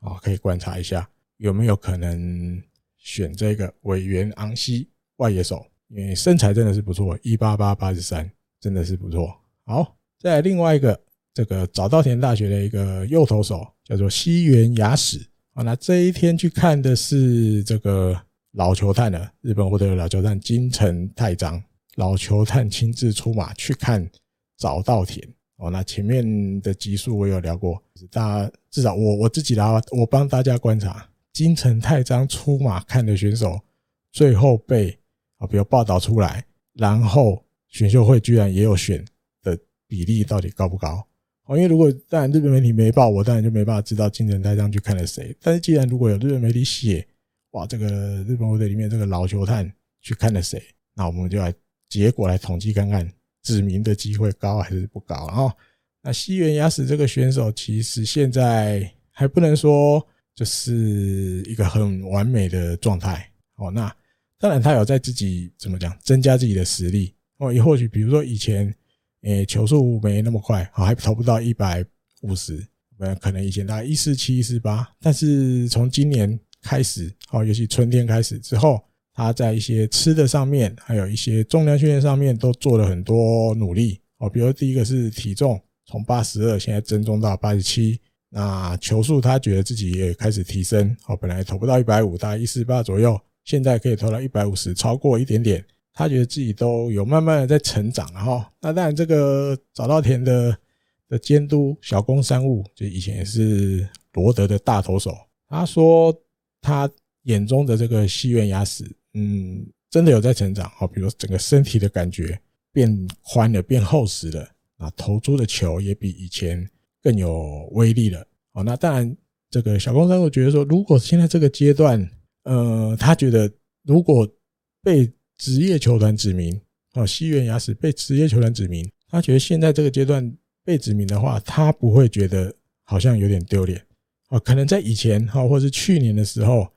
啊，可以觀察一下有沒有可能選這個委員昂西外野手。因為身材真的是不錯，一八八八十三，真的是不錯。好，再來另外一個，這個早稻田大學的一個右投手叫做西垣雅矢啊。那這一天去看的是這個老球探呢，日本獲得老球探金城太章，老球探親自出馬去看早稻田。哦，那前面的集數我有聊過，大家至少我我自己啦，我幫大家觀察，金城太章出馬看的選手，最後被。比如報道出來，然後選秀會居然也有選的比例，到底高不高？哦，因為如果當然日本媒體沒報，我當然就沒辦法知道精神這上去看了誰。但是既然如果有日本媒體寫，哇，這個日本球隊裡面這個老球探去看了誰，那我們就來結果來統計看看，指名的機會高還是不高。然後，那西原雅史這個選手，其實現在還不能說就是一個很完美的狀態。哦，那。當然，他有在自己怎麼講，增加自己的實力哦。也或許，比如說以前，誒，球速沒那麼快，好，還投不到一百五十。本來可能以前大概一四七、一四八。但是從今年開始，哦，尤其春天開始之後，他在一些吃的上面，還有一些重量訓練上面都做了很多努力哦。比如說第一個是體重，從八十二現在增重到八十七。那球速，他覺得自己也開始提升哦。本來投不到一百五，大概一四八左右。現在可以投到一百五十，超過一點點，他覺得自己都有慢慢的在成長了哈。那當然，這個早稻田的的監督小宮山悟，就以前也是羅德的大投手，他說他眼中的這個西垣雅矢，嗯，真的有在成長哈。比如整個身體的感覺變寬了，變厚實了，啊，投出的球也比以前更有威力了。哦，那當然，這個小宮山悟覺得說，如果現在這個階段。呃，他覺得如果被職業球團指名，哦，西原牙史被職業球團指名，他覺得現在這個階段被指名的話，他不會覺得好像有點丟臉，哦，可能在以前，哈，或是去年的時候，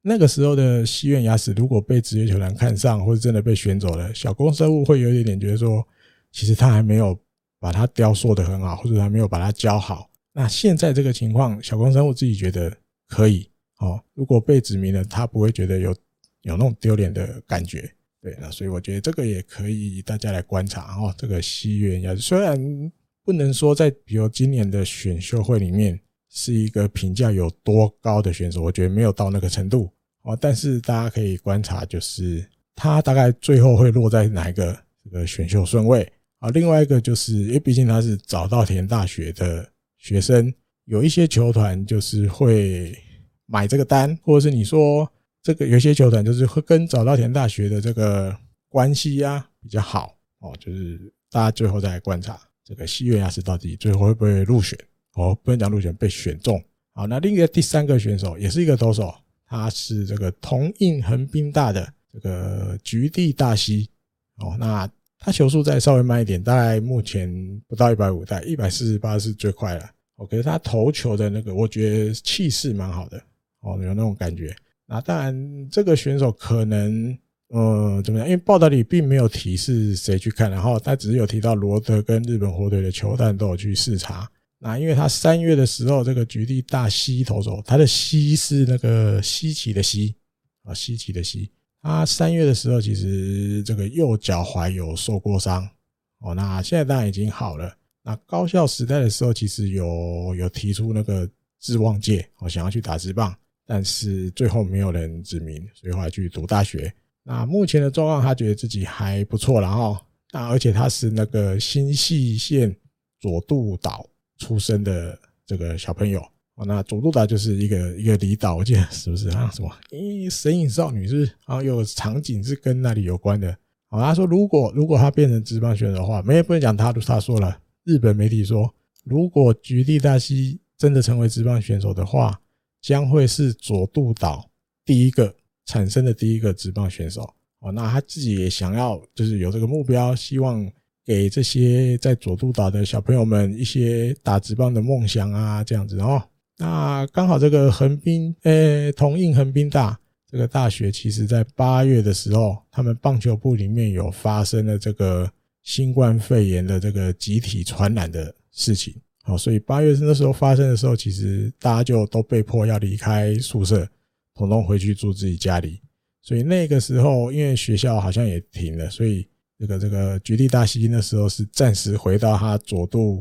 那個時候的西原牙史如果被職業球團看上，或者真的被選走了，小宮生物會有一點點覺得說，其實他還沒有把它雕塑的很好，或者還沒有把它教好。那現在這個情況，小宮生物自己覺得可以。哦，如果被指名了，他不會覺得有有那種丟臉的感覺。對，對，那所以我覺得這個也可以，以大家來觀察哦。這個西原呀，雖然不能說在比如今年的選秀會裡面是一個評價有多高的選手，我覺得沒有到那個程度哦。但是大家可以觀察，就是他大概最後會落在哪一個這個選秀順位啊。另外一個就是，因為畢竟他是早稻田大學的學生，有一些球團就是會。買這個單，或者是你說這個有些球團就是會跟早稻田大學的這個關係啊比較好哦，就是大家最後再來觀察這個西月亞是到底最後會不會入選哦，不能講入選，被選中。好，那另一個第三個選手也是一個投手，他是這個同印橫濱大的這個菊地大希。哦，那他球速再稍微慢一點，大概目前不到一百五代，一百四十八是最快了，哦。OK，他投球的那個我覺得氣勢蠻好的。哦，有那種感覺。那當然，這個選手可能，呃，怎麼樣？因為報道裡並沒有提示誰去看，然後他只是有提到羅德跟日本火腿的球探都有去視察。那因為他三月的時候，這個菊地大稀投手，他的稀是那個稀奇的稀啊，稀奇的稀。他三月的時候，其實這個右腳踝有受過傷。哦，那現在當然已經好了。那高校時代的時候，其實有有提出那個志望界，我想要去打職棒。但是最後沒有人指名，所以後來去讀大學。那目前的狀況，他覺得自己還不錯。然後，那而且他是那個新潟縣佐渡島出生的這個小朋友、哦、那佐渡島就是一個一個離島，見是不是啊？什麼？咦、欸，神隱少女是，不是啊，有場景是跟那裡有關的好、哦、他說，如果如果他變成職棒選手的話，沒有不能講他，都是他說了。日本媒體說，如果菊地大西真的成為職棒選手的話。將會是佐渡島第一個產生的第一個職棒選手哦，那他自己也想要就是有這個目標，希望給這些在佐渡島的小朋友們一些打職棒的夢想啊，這樣子哦。那剛好這個橫濱，誒、欸，桐蔭橫濱大這個大學，其實在八月的時候，他們棒球部裡面有發生了這個新冠肺炎的這個集體傳染的事情。好、哦，所以八月那時候發生的時候，其實大家就都被迫要離開宿舍，統統回去住自己家裡。所以那個時候，因為學校好像也停了，所以這個這個菊地大稀那時候是暫時回到他佐渡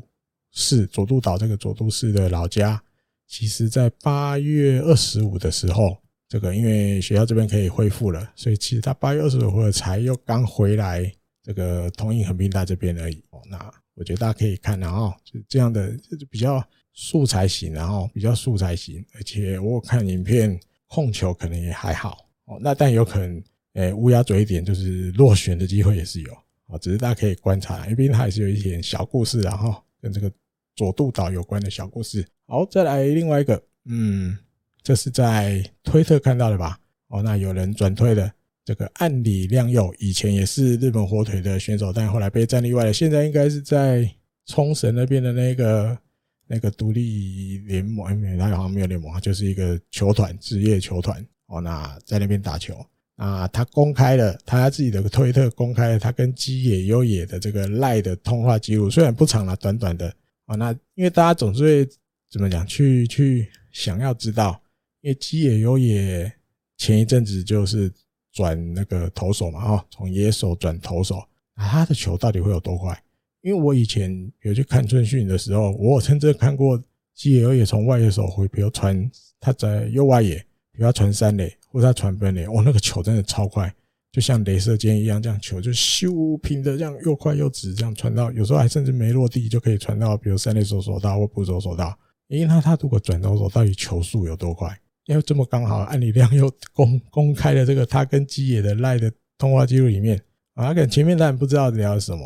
市、佐渡島這個佐渡市的老家。其實在八月二十五的時候，這個因為學校這邊可以恢復了，所以其實他八月二十五或者才又剛回來這個桐蔭橫濱大這邊而已。哦，那。我覺得大家可以看，啊，然後就這樣的，比較素材型，啊，然後比較素材型，而且我有看影片，控球可能也還好哦。那但有可能，誒、欸，烏鴉嘴一點，就是落選的機會也是有哦，只是大家可以觀察，啊，因為它還是有一點小故事，啊，然後跟這個佐渡島有關的小故事。好，再來另外一個，嗯，這是在推特看到的吧？哦，那有人轉推的。這個岸里亮佑以前也是日本火腿的選手，但後來被戰力外了。現在應該是在沖繩那邊的那個那個獨立聯盟，哎，好像沒有聯盟就是一個球團，職業球團哦。那在那邊打球啊，他公開了他自己的推特，公開了，他跟姬野優也的這個賴的通話記錄，雖然不長啦，短短的哦。那因為大家總是會怎麼講，去去想要知道，因為姬野優也前一陣子就是。轉那個投手嘛，哈，從野手轉投手，那他的球到底會有多快？因為我以前有去看春訓的時候，我甚至看過姬野也從外野手回，比如傳他在右外野，比如他傳三壘或者他傳本壘，哇，那個球真的超快，就像雷射箭一樣，這樣球就咻平的，這樣又快又直，這樣傳到有時候還甚至沒落地就可以傳到，比如三壘手手道或捕手手道，因為他他如果轉投手，到底球速有多快？因為這麼剛好，按里亮又公公開了這個他跟姬野的賴的通話記錄裡面啊，跟前面當然不知道聊什麼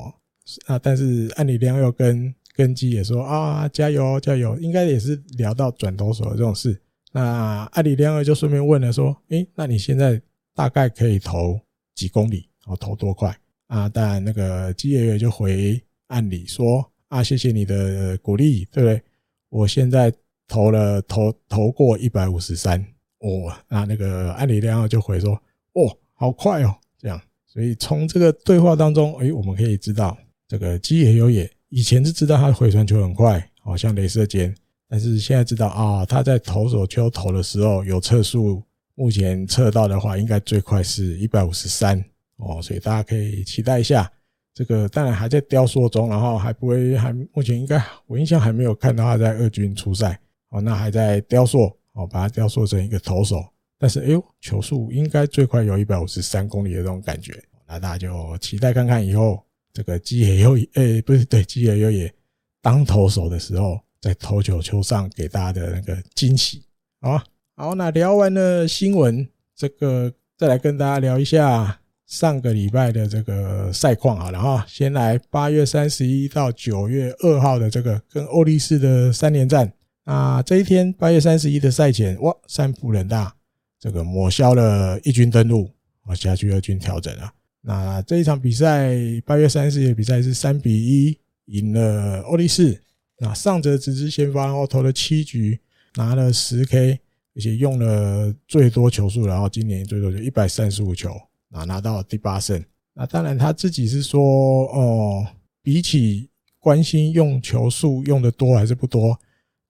啊，但是按里亮又跟跟姬野說啊，加油加油，應該也是聊到轉投手的這種事。那按里亮又就順便問了說，誒、欸，那你現在大概可以投幾公里？哦，投多快啊？但那個姬野就回按里說啊，謝謝你的鼓勵，對不對？我現在。投了投投過一百五十三哦，那那個安里亮就回說：“哦，好快哦。”這樣，所以從這個對話當中，誒、欸，我們可以知道這個姬野優也以前是知道他回傳球很快，好、哦、像鐳射箭。但是現在知道啊、哦，他在投手丘投的時候有測速，目前測到的話，應該最快是一百五十三哦。所以大家可以期待一下這個，當然還在雕塑中，然後還不會還目前應該我印象還沒有看到他在二軍出賽。哦，那還在雕塑，哦，把它雕塑成一個投手，但是哎呦，球速應該最快有一百五十三公里的這種感覺，那大家就期待看看以後這個姬野優也，誒、欸，不是，對，姬野優也當投手的時候，在投球球上給大家的那個驚喜，好、啊，好，那聊完了新聞，這個再來跟大家聊一下上個禮拜的這個賽況啊，然後先來八月三十一到九月二號的這個跟歐力士的三連戰。啊，這一天八月三十一的賽前，哇，三浦人大這個抹消了一軍登陸，啊，下去二軍調整啊。那這一場比賽，八月三十一的比賽是三比一贏了歐力士。那上澤直之先發，然後投了七局，拿了十 K，而且用了最多球數，然後今年最多就一百三十五球，啊，拿到了第八勝。那當然他自己是說，哦，比起關心用球數用得多還是不多。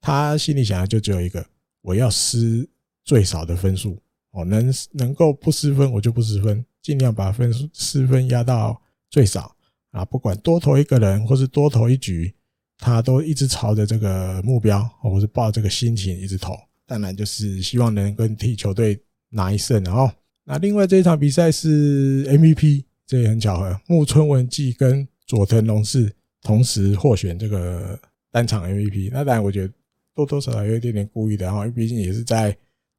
他心裡想的就只有一個：我要失最少的分數哦，能能夠不失分，我就不失分，盡量把分數失分壓到最少啊！不管多投一個人，或是多投一局，他都一直朝着這個目標，或是抱這個心情一直投。當然，就是希望能跟替球隊拿一勝哦。那另外這一場比賽是 MVP，這也很巧合，木村文紀跟佐藤龍世同時獲選這個單場 MVP。那當然，我覺得。多多少少有一點點故意的，哈，因為畢竟也是在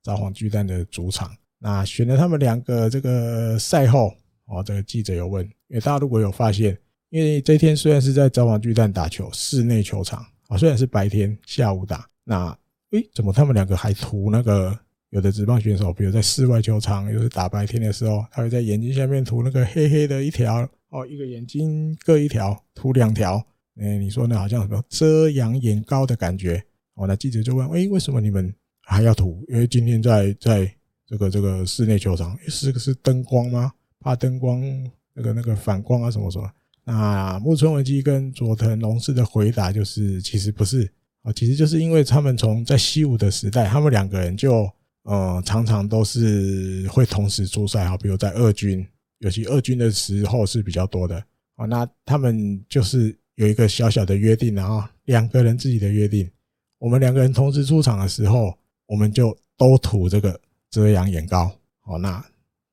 札幌巨蛋的主場。那選了他們兩個，這個賽後，哦，這個記者有問，因為大家如果有發現，因為這天雖然是在札幌巨蛋打球，室內球場，啊，雖然是白天下午打，那誒，怎麼他們兩個還塗那個？有的職棒選手，比如在室外球場，又是打白天的時候，他會在眼睛下面塗那個黑黑的一條，哦，一個眼睛各一條，塗兩條，哎，你說呢？好像什麼遮陽眼膏的感覺。我那記者就問：“誒、欸，為什麼你們還要塗？因為今天在在這個這個室內球場，欸、是是燈光嗎？怕燈光那個那個反光啊什麼什麼？”那木村文紀跟佐藤龍世的回答就是：“其實不是啊，其實就是因為他們從在西武的時代，他們兩個人就呃常常都是會同時出賽，好，比如在二軍，尤其二軍的時候是比較多的。哦、啊，那他們就是有一個小小的約定啊，然後兩個人自己的約定。”我們兩個人同時出場的時候，我們就都塗這個遮陽眼膏。哦，那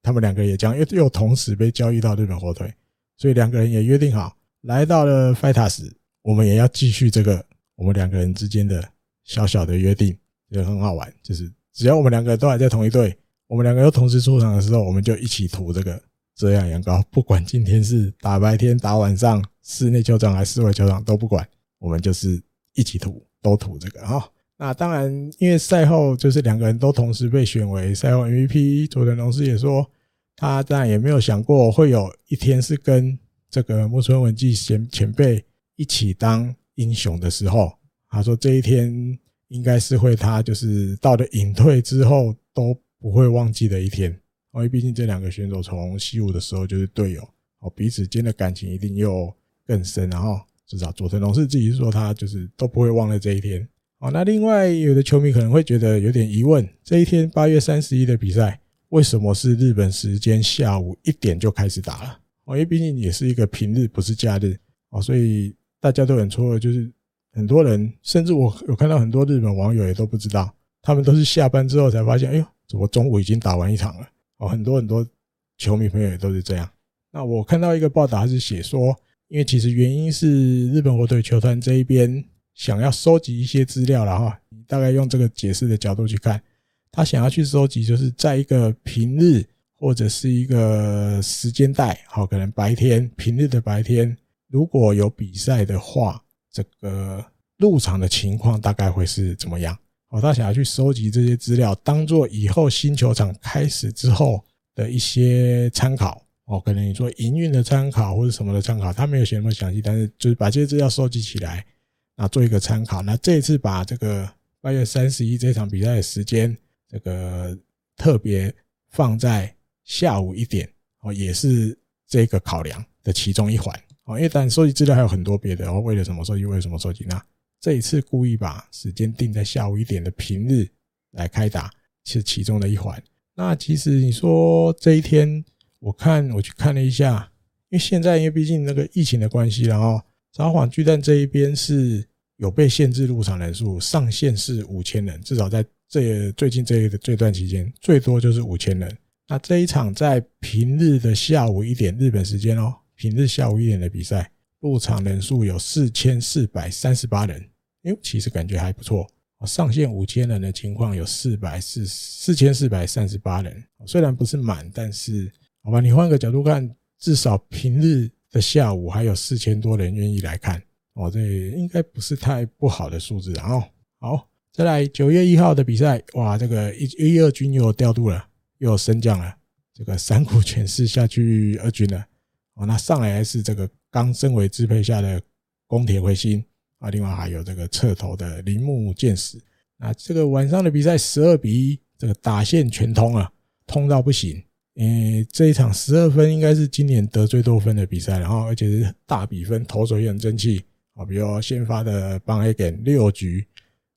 他們兩個也講又又同時被交易到日本火腿，所以兩個人也約定好，來到了 Fighters 時，我們也要繼續這個我們兩個人之間的小小的約定，也很好玩。就是只要我們兩個都還在同一隊，我們兩個又同時出場的時候，我們就一起塗這個遮陽眼膏。不管今天是打白天打晚上，室內球場還是室外球場都不管，我們就是一起塗。都圖這個哈、哦，那當然，因為賽後就是兩個人都同時被選為賽後 MVP。佐藤龍世也說，他當然也沒有想過會有一天是跟這個木村文紀前前輩一起當英雄的時候。他說這一天應該是會，他就是到了隱退之後都不會忘記的一天。哦，因為畢竟這兩個選手從西武的時候就是隊友，哦，彼此間的感情一定又更深，然後。至少佐藤龍世自己說，他就是都不會忘了這一天。哦，那另外有的球迷可能會覺得有點疑問：這一天八月三十一的比賽，為什麼是日本時間下午一點就開始打了？哦，因為畢竟也是一個平日，不是假日哦，所以大家都很錯愕，就是很多人甚至我有看到很多日本網友也都不知道，他們都是下班之後才發現，哎呦，怎麼中午已經打完一場了。哦，很多很多球迷朋友也都是這樣。那我看到一個報道是寫說。因為其實原因是日本火腿球團這一邊想要收集一些資料了哈，大概用這個解釋的角度去看，他想要去收集就是在一個平日或者是一個時間帶，好，可能白天平日的白天如果有比賽的話，這個入場的情況大概會是怎麼樣？好，他想要去收集這些資料，當做以後新球場開始之後的一些參考。哦，可能你說營運的參考或者什麼的參考，他沒有寫那麼詳細，但是就是把這些資料收集起來，那做一個參考。那這一次把這個八月三十一這場比賽的時間，這個特別放在下午一點，哦，也是這個考量的其中一環。哦，因為當然收集資料還有很多別的，哦，為了什麼收集，為什麼收集？那這一次故意把時間定在下午一點的平日來開打，是其中的一環。那其實你說這一天。我看我去看了一下，因為現在因為畢竟那個疫情的關係，然後札幌巨蛋這一邊是有被限制入場人數，上限是五千人，至少在這最近這一這段期間，最多就是五千人。那這一場在平日的下午一點日本時間哦，平日下午一點的比賽，入場人數有四千四百三十八人，哎，其實感覺還不錯。上限五千人的情況有四百四四千四百三十八人，雖然不是滿，但是。好吧，你換個角度看，至少平日的下午還有四千多人願意來看，哦，這應該不是太不好的數字。啊，後，好，再來九月一號的比賽，哇，這個一、一、二軍又調度了，又升降了。這個三股全是下去二軍了。哦，那上來還是這個剛升為支配下的宮田輝星啊，另外還有這個側投的鈴木健矢。那這個晚上的比賽十二比一，這個打線全通啊，通到不行。嗯、欸，這一場十二分應該是今年得最多分的比賽，然後而且是大比分，投手也很爭氣啊。比如先發的邦黑根，六局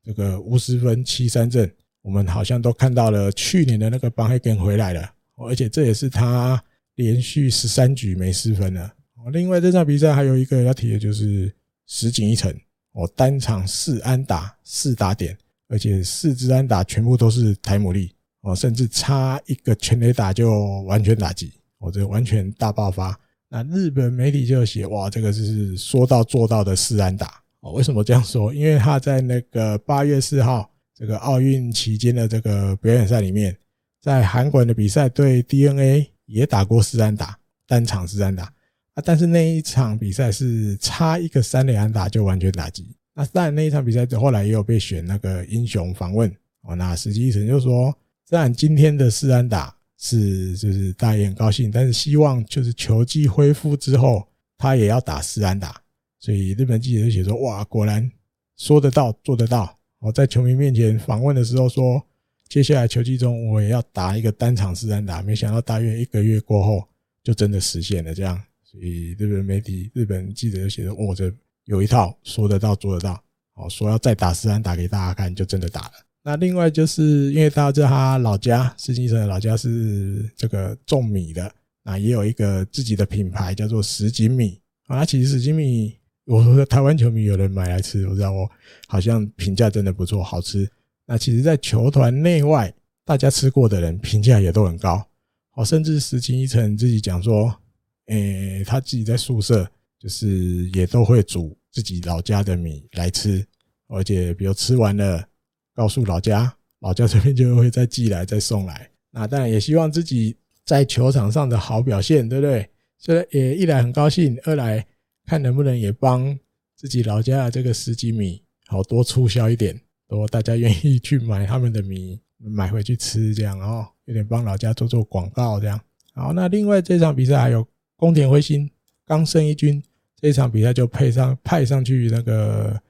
這個無失分，七三振，我們好像都看到了去年的那個邦黑根回來了，而且這也是他連續十三局沒失分了。另外這場比賽還有一個要提的就是石井一成，哦，單場四安打四打點，而且四支安打全部都是台姆利。我、哦、甚至差一個全壘打，就完全打擊、哦，我這個、完全大爆發。那日本媒體就寫：哇，這個是說到做到的四安打。哦，為什麼這樣說？因為他在那個八月四號這個奧運期間的這個表演賽裡面，在韓國的比賽對 D N A 也打過四安打，單場四安打。啊，但是那一場比賽是差一個三壘安打就完全打擊。那當然那一場比賽後來也有被選那個英雄訪問哦，那實際意思就是說。雖然今天的四安打是就是，是大家也很高興，但是希望就是球季恢復之後，他也要打四安打。所以日本記者就寫說：“哇，果然說得到做得到。”我在球迷面前訪問的時候說，接下來球季中我也要打一個單場四安打。沒想到大約一個月過後，就真的實現了這樣。所以日本媒體、日本記者就寫說：“哇，這有一套，說得到做得到。”哦，說要再打四安打給大家看，就真的打了。那另外就是因為他在他老家，石井一成老家是這個種米的啊，也有一個自己的品牌叫做石井米啊。其實石井米，我說台灣球迷有人買來吃，我知道哦，好像評價真的不錯，好吃。那其實，在球團內外，大家吃過的人評價也都很高。哦，甚至石井一成自己講說，誒，他自己在宿舍就是也都會煮自己老家的米來吃，而且比如吃完了。告訴老家，老家這邊就會再寄來，再送來。那當然也希望自己在球場上的好表現，對不對？所以也一來很高興，二來看能不能也幫自己老家的這個石井米好多促銷一點，多大家願意去買他們的米，買回去吃，這樣哦，有點幫老家做做廣告這樣。好，那另外這場比賽還有宮田輝星剛升一軍，這場比賽就配上派上去那個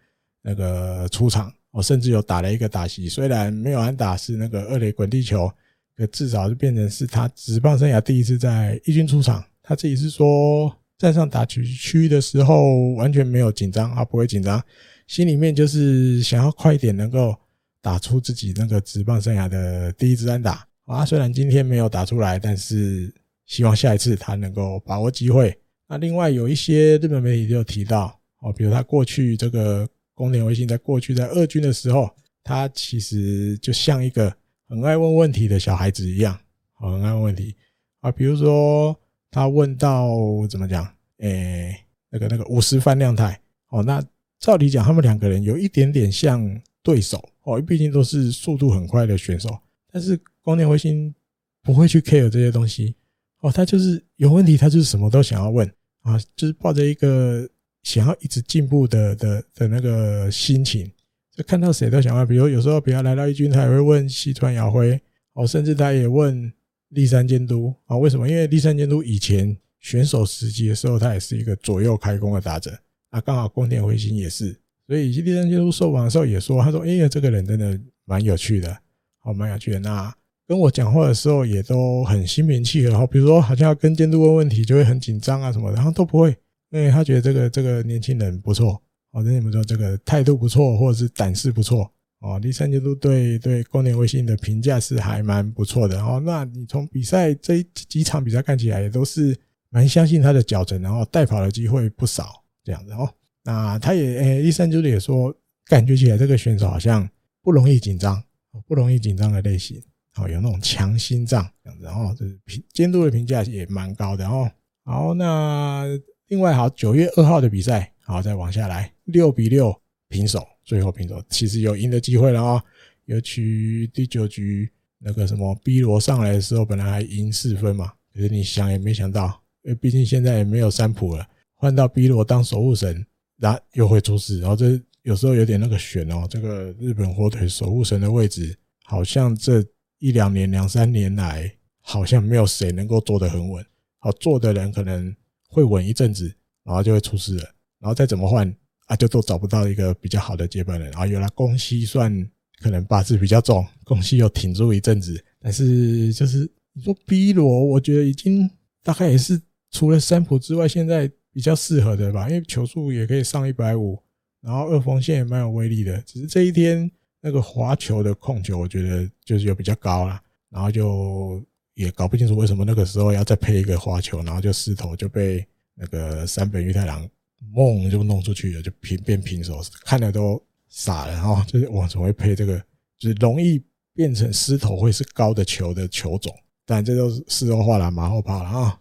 那個出場。我甚至有打了一個打席，雖然沒有安打，是那個二壘滾地球，可至少是變成是他職棒生涯第一次在一軍出場。他自己是說，站上打擊區的時候完全沒有緊張，啊，不會緊張，心裡面就是想要快一點能夠打出自己那個職棒生涯的第一支安打。啊，雖然今天沒有打出來，但是希望下一次他能夠把握機會。那另外有一些日本媒體就提到，哦，比如他過去這個。宮田輝星在過去在二軍的時候，他其實就像一個很愛問問題的小孩子一樣，很愛問問題啊。比如說他問到怎麼講，誒、欸，那個那個五十幡亮太哦，那照理講他們兩個人有一點點像對手哦，畢竟都是速度很快的選手。但是宮田輝星不會去 care 這些東西哦，他就是有問題，他就是什麼都想要問啊，就是抱着一個。想要一直進步的的的那個心情，就看到誰都想要。比如說有時候，比他來到一軍，他也會問西川遙輝，哦，甚至他也問立山監督啊、哦，為什麼？因為立山監督以前選手時期的時候，他也是一個左右開弓的打者啊，剛好宮田輝星也是，所以立山監督受訪的時候也說，他說：“哎、欸、呀，這個人真的蠻有趣的，好、哦、蠻有趣的。”那跟我講話的時候也都很心平氣和，好、哦，比如說好像要跟監督問問題就會很緊張啊什麼的，然、啊、後都不會。因為他覺得這個這個年輕人不錯哦，跟你們說這個態度不錯，或者是膽識不錯哦。第三監督對對宮田輝星的評價是還蠻不錯的哦。那你從比賽這幾場比賽看起來也都是蠻相信他的腳程，然後帶跑的機會不少這樣子哦。那他也誒第、哎、三監督也說，感覺起來這個選手好像不容易緊張，不容易緊張的類型好、哦、有那種強心臟這樣子哦。就是評監督的評價也蠻高的哦，然後那。另外，好，九月二號的比賽，好，再往下來，六比六平手，最後平手，其實有贏的機會了啊、喔！尤其第九局那個什麼，B 羅上來的時候，本來還贏四分嘛，可是你想也沒想到，因為畢竟現在也沒有三浦了，換到 B 羅當守護神，然後又會出事，然後這有時候有點那個懸哦。這個日本火腿守護神的位置，好像這一兩年、兩三年來，好像沒有誰能夠坐得很穩。好，坐的人可能。會穩一陣子，然後就會出事了，然後再怎麼換啊，就都找不到一個比較好的接班人。然後原來宮西算可能八字比較重，宮西又挺住一陣子，但是就是你說 B 羅，我覺得已經大概也是除了三浦之外，現在比較適合的吧，因為球速也可以上一百五，然後二縫線也蠻有威力的，只是這一天那個滑球的控球，我覺得就是有比較高了，然後就。也搞不清楚為什麼那個時候要再配一個花球，然後就失投就被那個杉本裕太郎夢就弄出去了，就平變平手，看的都傻了啊！就是我怎麼會配這個？就是容易變成失投會是高的球的球種，但這都是事後話了，馬後炮了啊！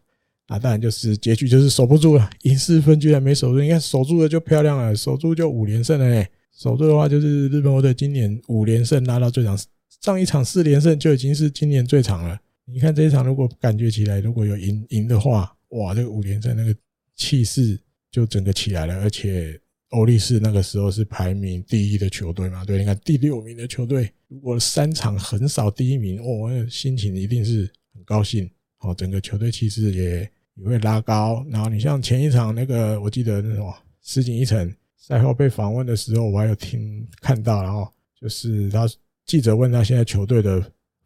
啊，當然就是結局就是守不住了，贏四分居然沒守住，你看守住了就漂亮了，守住就五連勝了、欸，守住的話就是日本隊今年五連勝拉到最長，上一場四連勝就已經是今年最長了。你看這一場，如果感覺起來如果有贏贏的話，哇，這個五連勝那個氣勢就整個起來了。而且歐力士那個時候是排名第一的球隊嘛，對，你看第六名的球隊如果三場橫掃第一名，哦，那個，心情一定是很高興。哦，整個球隊氣勢也也會拉高。然後你像前一場那個，我記得那種石井一成賽後被訪問的時候，我還有聽看到，然後就是他記者問他現在球隊的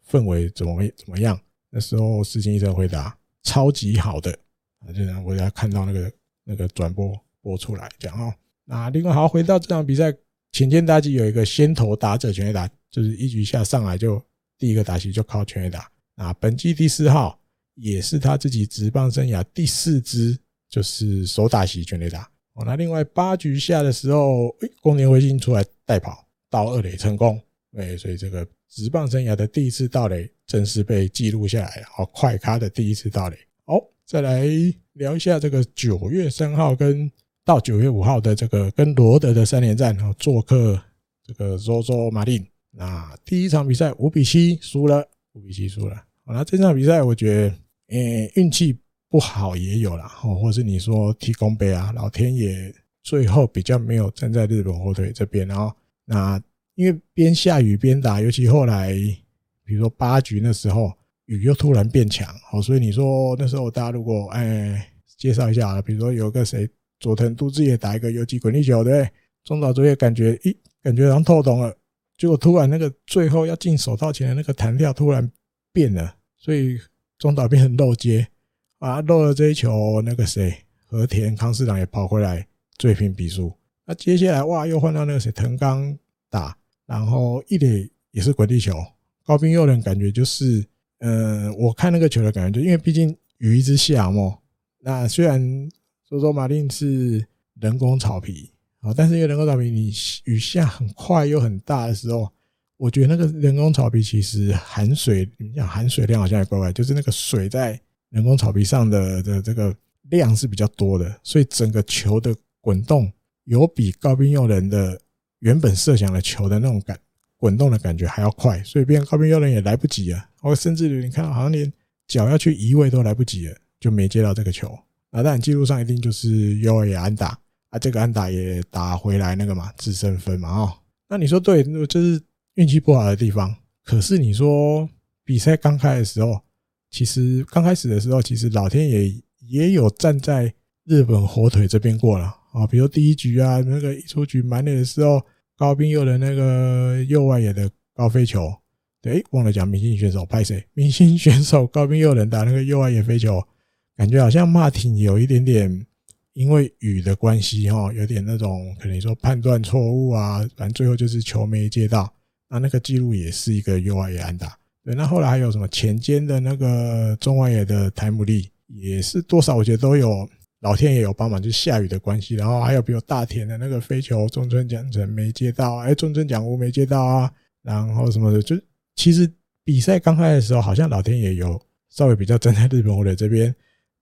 氛圍怎麼怎麼樣。那時候，石井一成回答：“超級好的。”啊，就讓大家看到那個那個轉播播出來這樣哦。那另外，好，回到這場比賽，淺間大基有一個先頭打者全壘打，就是一局下上來就第一個打席就靠全壘打。啊，本季第四號也是他自己職棒生涯第四支就是首打席全壘打。哦，那另外八局下的時候，宮田、欸、輝星出來代跑到二壘成功。哎，所以這個職棒生涯的第一次盜壘。正式被記錄下來，好，快腳的第一次盜壘。好，再來聊一下這個九月三號跟到九月五號的這個跟羅德的三連戰。做客這個 ZOZO 馬林，那第一場比賽五比七輸了，五比七輸了。好了，這場比賽我覺得，運氣不好也有了，哦，或是你說天公伯啊，老天爺最後比較沒有站在日本火腿這邊。然後，那因為邊下雨邊打，尤其後來。比如說八局那時候雨又突然變強，好，所以你說那時候大家如果哎介紹一下啊，比如說有個誰佐藤都志也打一個游擊滾地球，對，對中島卓也感覺咦感覺然後透懂了，結果突然那個最後要進手套前的那個彈跳突然變了，所以中島變成漏接啊，漏了這一球，那個誰和田康士朗也跑回來追平比數。啊，那接下來哇又換到那個誰藤岡打，然後一壘也是滾地球。高濱祐仁感覺就是，呃，我看那個球的感覺，就是因為畢竟雨一直下嘛。那雖然 ZOZO 馬林是人工草皮啊，但是因為人工草皮，你雨下很快又很大的時候，我覺得那個人工草皮其實含水，你講含水量好像也怪怪，就是那個水在人工草皮上的的這個量是比較多的，所以整個球的滾動有比高濱祐仁的原本設想的球的那種感，滾動的感覺還要快，所以變成靠邊有人也來不及啊！哦，甚至有點看到，好像連腳要去移位都來不及了，就沒接到這個球啊！當然記錄上一定就是腰也安打啊，這個安打也打回來那個嘛，自身分嘛哦，那你說對，那就是運氣不好的地方。可是你說比賽剛開的時候，其實剛開始的時候，其實老天爺也有站在日本火腿這邊過了啊、哦，比如第一局啊，那個一出局滿壘的時候。高濱祐仁那個右外野的高飛球，對，忘了講明星選手派誰？明星選手高濱祐仁打那個右外野飛球，感覺好像馬挺有一點點因為雨的關係哈，有點那種可能說判斷錯誤啊，反正最後就是球沒接到。啊，那那個記錄也是一個右外野安打。對，那後來還有什麼淺間的那個中外野的台姆利，也是多少我覺得都有。老天也有幫忙，就下雨的關係，然後還有比如大田的那個飛球，中村獎成沒接到，哎，中村獎吾沒接到啊，欸、到啊然後什麼的，就其實比賽剛開的時候，好像老天爺也有稍微比較站在日本火腿這邊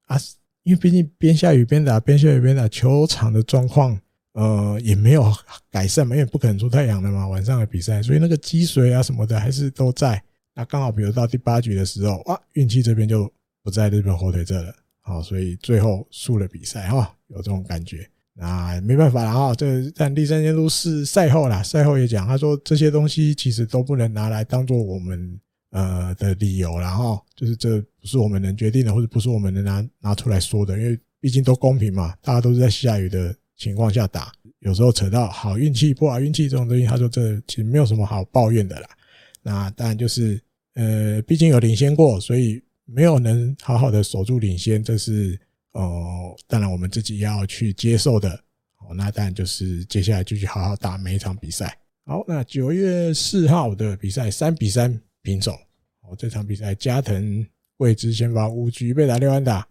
啊，因為畢竟邊下雨邊打，邊下雨邊打，球場的狀況呃也沒有改善嘛，因為不可能出太陽的嘛，晚上的比賽，所以那個積水啊什麼的還是都在，啊。那剛好比如到第八局的時候啊，運氣這邊就不在日本火腿這了。好，哦、所以最後輸了比賽哈，有這種感覺。那沒辦法了哈，這但第三天都是賽後啦，賽後也講，他說，這些東西其實都不能拿來當做我們呃的理由，然後就是這不是我們能決定的，或者不是我們能拿拿出來說的，因為畢竟都公平嘛，大家都是在下雨的情況下打，有時候扯到好運氣、不好運氣這種東西，他說這其實沒有什麼好抱怨的啦。那當然就是呃，畢竟有領先過，所以。沒有能好好的守住領先，這是哦、呃，當然我們自己要去接受的。哦，那當然就是接下來繼續好好打每一場比賽。好，那九月四號的比賽三比三平手。哦，這場比賽加藤貴之先發五局被打六安打，誒、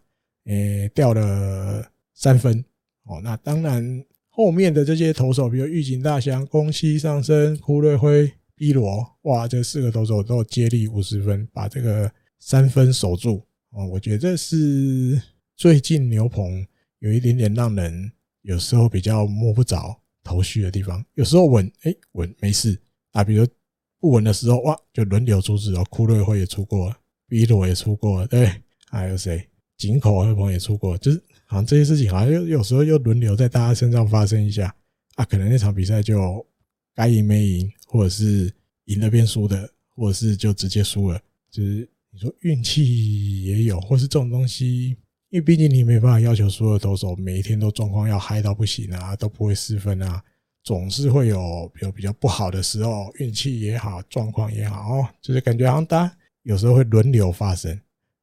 欸、掉了三分。哦，那當然後面的這些投手，比如玉井大翔、宮西尚生、堀瑞輝、伊羅，哇，這四個投手都接力五十分，把這個。三分守住哦、嗯，我覺得是最近牛棚有一點點讓人有時候比較摸不着頭緒的地方。有時候穩，哎、欸，穩沒事啊。比如說不穩的時候，哇，就輪流出事了。庫洛伊也出過了，比羅也出過了，對，還有誰？井口和朋也出過，就是好像這些事情好像又有時候又輪流在大家身上發生一下啊。可能那場比賽就該贏沒贏，或者是贏了變輸的，或者是就直接輸了，就是。你說運氣也有，或是這種東西，因為畢竟你沒辦法要求所有的投手每一天都狀況要嗨到不行啊，都不會失分啊，總是會有有比較不好的時候，運氣也好，狀況也好，就是感覺好像有時候會輪流發生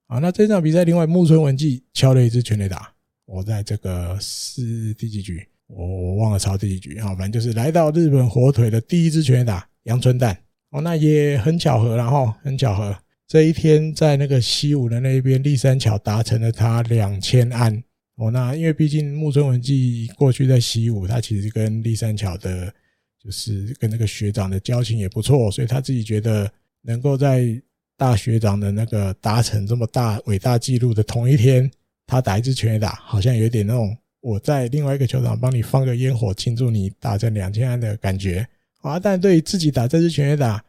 啊。那這場比賽，另外木村文紀敲了一支全壘打，我在這個是第幾局，我我忘了抄第幾局啊，反正就是來到日本火腿的第一支全壘打，陽春彈哦，那也很巧合，然後很巧合。這一天在那個西武的那一邊，栗山巧達成了他兩千安哦。那因為畢竟木村文紀過去在西武，他其實跟栗山巧的，就是跟那個學長的交情也不錯，所以他自己覺得能夠在大學長的那個達成這麼大偉大紀錄的同一天，他打一支全壘打，好像有點那種我在另外一個球場幫你放個煙火慶祝你打成兩千安的感覺啊、哦。但對自己打這支全壘打。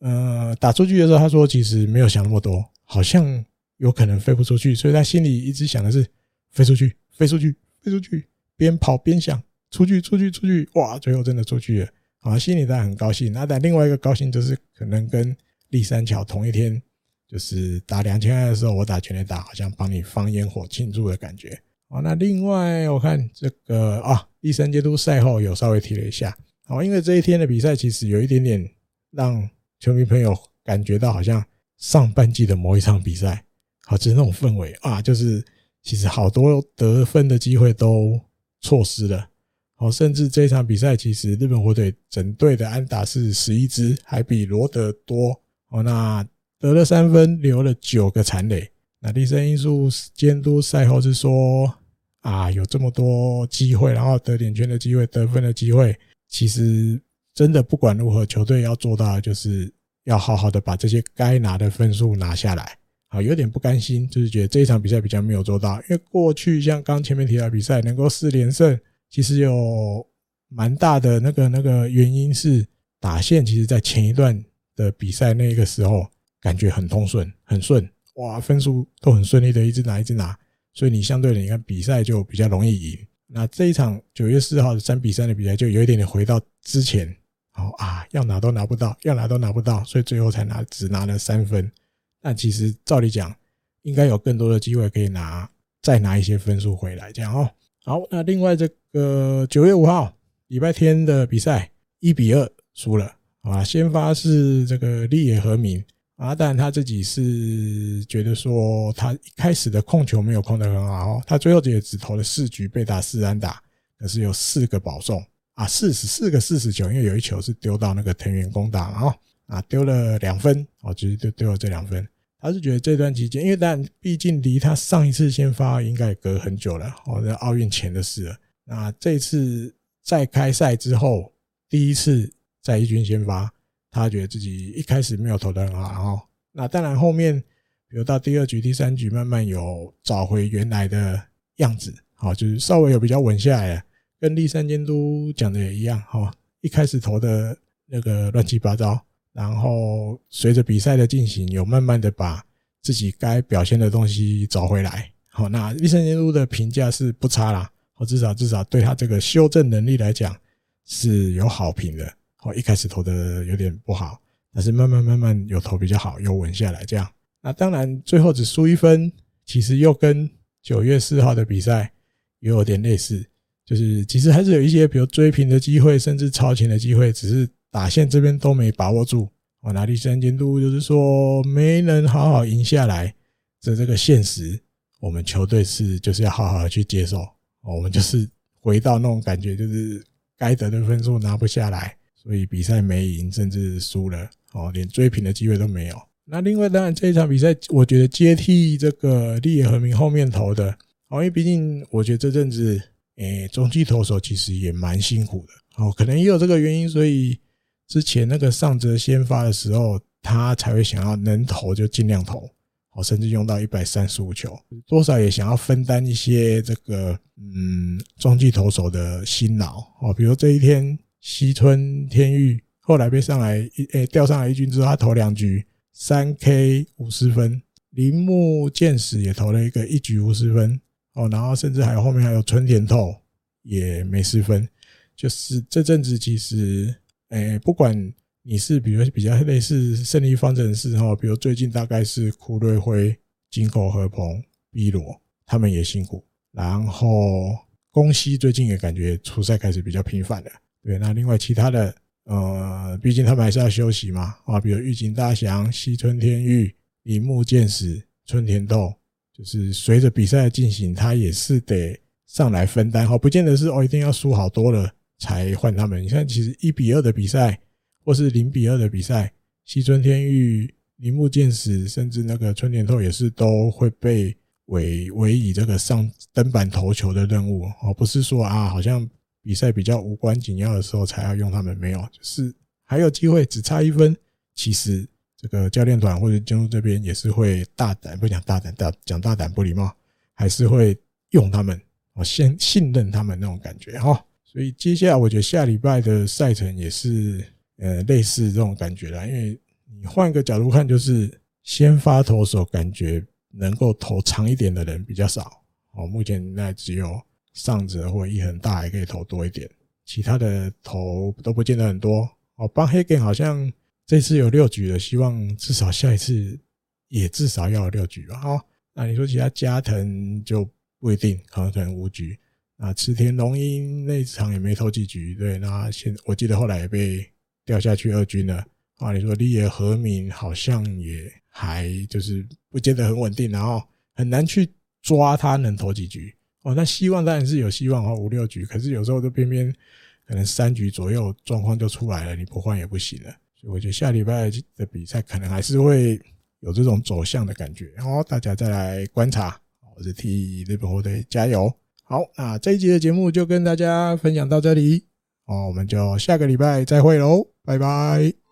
呃，打出去的時候，他說其實沒有想那麼多，好像有可能飛不出去，所以他心裡一直想的是飛出去，飛出去，飛出去，邊跑邊想出去，出去，出去，哇！最後真的出去了。好像心裡當然很高興。那但另外一個高興就是，可能跟立三橋同一天，就是打兩千塊的時候，我打全壘打，好像幫你放煙火慶祝的感覺。好，那另外我看這個啊，立三監督賽後有稍微提了一下，好，因為這一天的比賽其實有一點點讓球迷朋友感覺到好像上半季的某一場比賽，好，就是那種氛圍啊，就是其實好多得分的機會都錯失了。哦，好，甚至這場比賽，其實日本火腿整隊的安打是十一支，還比羅德多。哦，那得了三分，留了九個殘壘。那第三因素監督賽後是說啊，有這麼多機會，然後得點圈的機會、得分的機會，其實。真的不管如何，球隊要做到的就是要好好的把這些該拿的分數拿下來啊，有點不甘心，就是覺得這一場比賽比較沒有做到。因為過去像剛前面提到的比賽能夠四連勝，其實有蠻大的那個那個原因是打線其實，在前一段的比賽那個時候感覺很通順，很順。哇，分數都很順利的一直拿一直拿，所以你相對的你看比賽就比較容易贏。那這一場九月四號的三比三的比賽就有一點點回到之前。哦啊，要拿都拿不到，要拿都拿不到，所以最後才拿只拿了三分。但其實照理講，應該有更多的機會可以拿，再拿一些分數回來，這樣哦、喔。好，那另外這個九月五號禮拜天的比賽，一比二輸了，好吧，先發是這個立野和明啊，但他自己是覺得說他一開始的控球沒有控的很好、喔，他最後也只投了四局被打四安打，可是有四個保送。啊，四十四個四十九，因為有一球是丟到那個藤原恭大了哦，啊，丟了兩分，哦，就是丟丟了這兩分。他是覺得這段期間，因為但畢竟離他上一次先發應該也隔很久了，哦，在奧運前的事了。那這次再開賽之後，第一次在一軍先發，他覺得自己一開始沒有投得很好、啊哦，那當然後面，比如到第二局、第三局，慢慢有找回原來的樣子，好、哦，就是稍微有比較穩下來了。跟栗山監督講的也一樣哈，一開始投的那個亂七八糟，然後隨着比賽的進行，有慢慢的把自己該表現的東西找回來。好，那栗山監督的評價是不差啦，至少至少對他這個修正能力來講是有好評的。好，一開始投的有點不好，但是慢慢慢慢有投比較好，有穩下來這樣。那當然最後只輸一分，其實又跟九月四號的比賽也有點類似。就是其實還是有一些，比如追平的機會，甚至超前的機會，只是打線這邊都沒把握住。我拿第三監督，就是說沒能好好贏下來，這這個現實，我們球隊是就是要好好的去接受、啊。我們就是回到那種感覺，就是該得的分數拿不下來，所以比賽沒贏，甚至輸了哦、啊，連追平的機會都沒有。那另外當然這一場比賽，我覺得接替這個立野和明後面投的哦、啊，因為畢竟我覺得這陣子。誒、欸，中繼投手其實也蠻辛苦的哦，可能也有這個原因，所以之前那個上澤先發的時候，他才會想要能投就儘量投，哦，甚至用到一百三十五球，多少也想要分擔一些這個嗯中繼投手的辛勞哦。比如這一天，西村天裕後來被上來誒調、欸、上來一軍之後，他投兩局三 K 五十分，鈴木健矢也投了一個一局五十分。哦，然後甚至還有後面還有春田透也沒失分，就是這陣子其實，哎、欸，不管你是比如比較類似勝利方程式哈，比如最近大概是堀瑞輝、井口和朋、B 羅他們也辛苦，然後宮西最近也感覺出賽開始比較頻繁了，對。那另外其他的呃，畢竟他們還是要休息嘛，啊、哦，比如玉井大翔、西村天裕、鈴木健矢、春田透。就是隨着比賽進行，他也是得上來分擔哦，不見得是哦一定要輸好多了才換他們。你看，其實一比二的比賽，或是零比二的比賽，西村天裕、鈴木健矢，甚至那個春田透也是都會被委委以這個上登板投球的任務哦，不是說啊，好像比賽比較無關緊要的時候才要用他們，沒有，就是還有機會，只差一分，其實。這個教練團或者監督這邊也是會大膽，不講大膽，大講大膽不禮貌，還是會用他們，我先信任他們那種感覺哈。所以接下來我覺得下禮拜的賽程也是呃類似這種感覺啦。因為你換一個角度看，就是先發投手感覺能夠投長一點的人比較少哦。目前那只有上澤或伊藤大海還可以投多一點，其他的投都不見得很多哦。幫黑根好像。這次有六局了，希望至少下一次也至少要有六局吧、哦。啊。那你說其他加藤就不一定，可能可能五局。啊，池田隆英那一場也沒投幾局，對。那現我記得後來也被調下去二軍了啊、哦。你說立野和明好像也還就是不見得很穩定，然後很難去抓他能投幾局哦，那希望當然是有希望啊、哦，五六局。可是有時候就偏偏可能三局左右狀況就出來了，你不換也不行了。我覺得下禮拜的比賽可能還是會有這種走向的感覺，然後大家再來觀察。我是替日本火腿加油。好，那這一集的節目就跟大家分享到這裡，哦，我們就下個禮拜再會嘍，拜拜。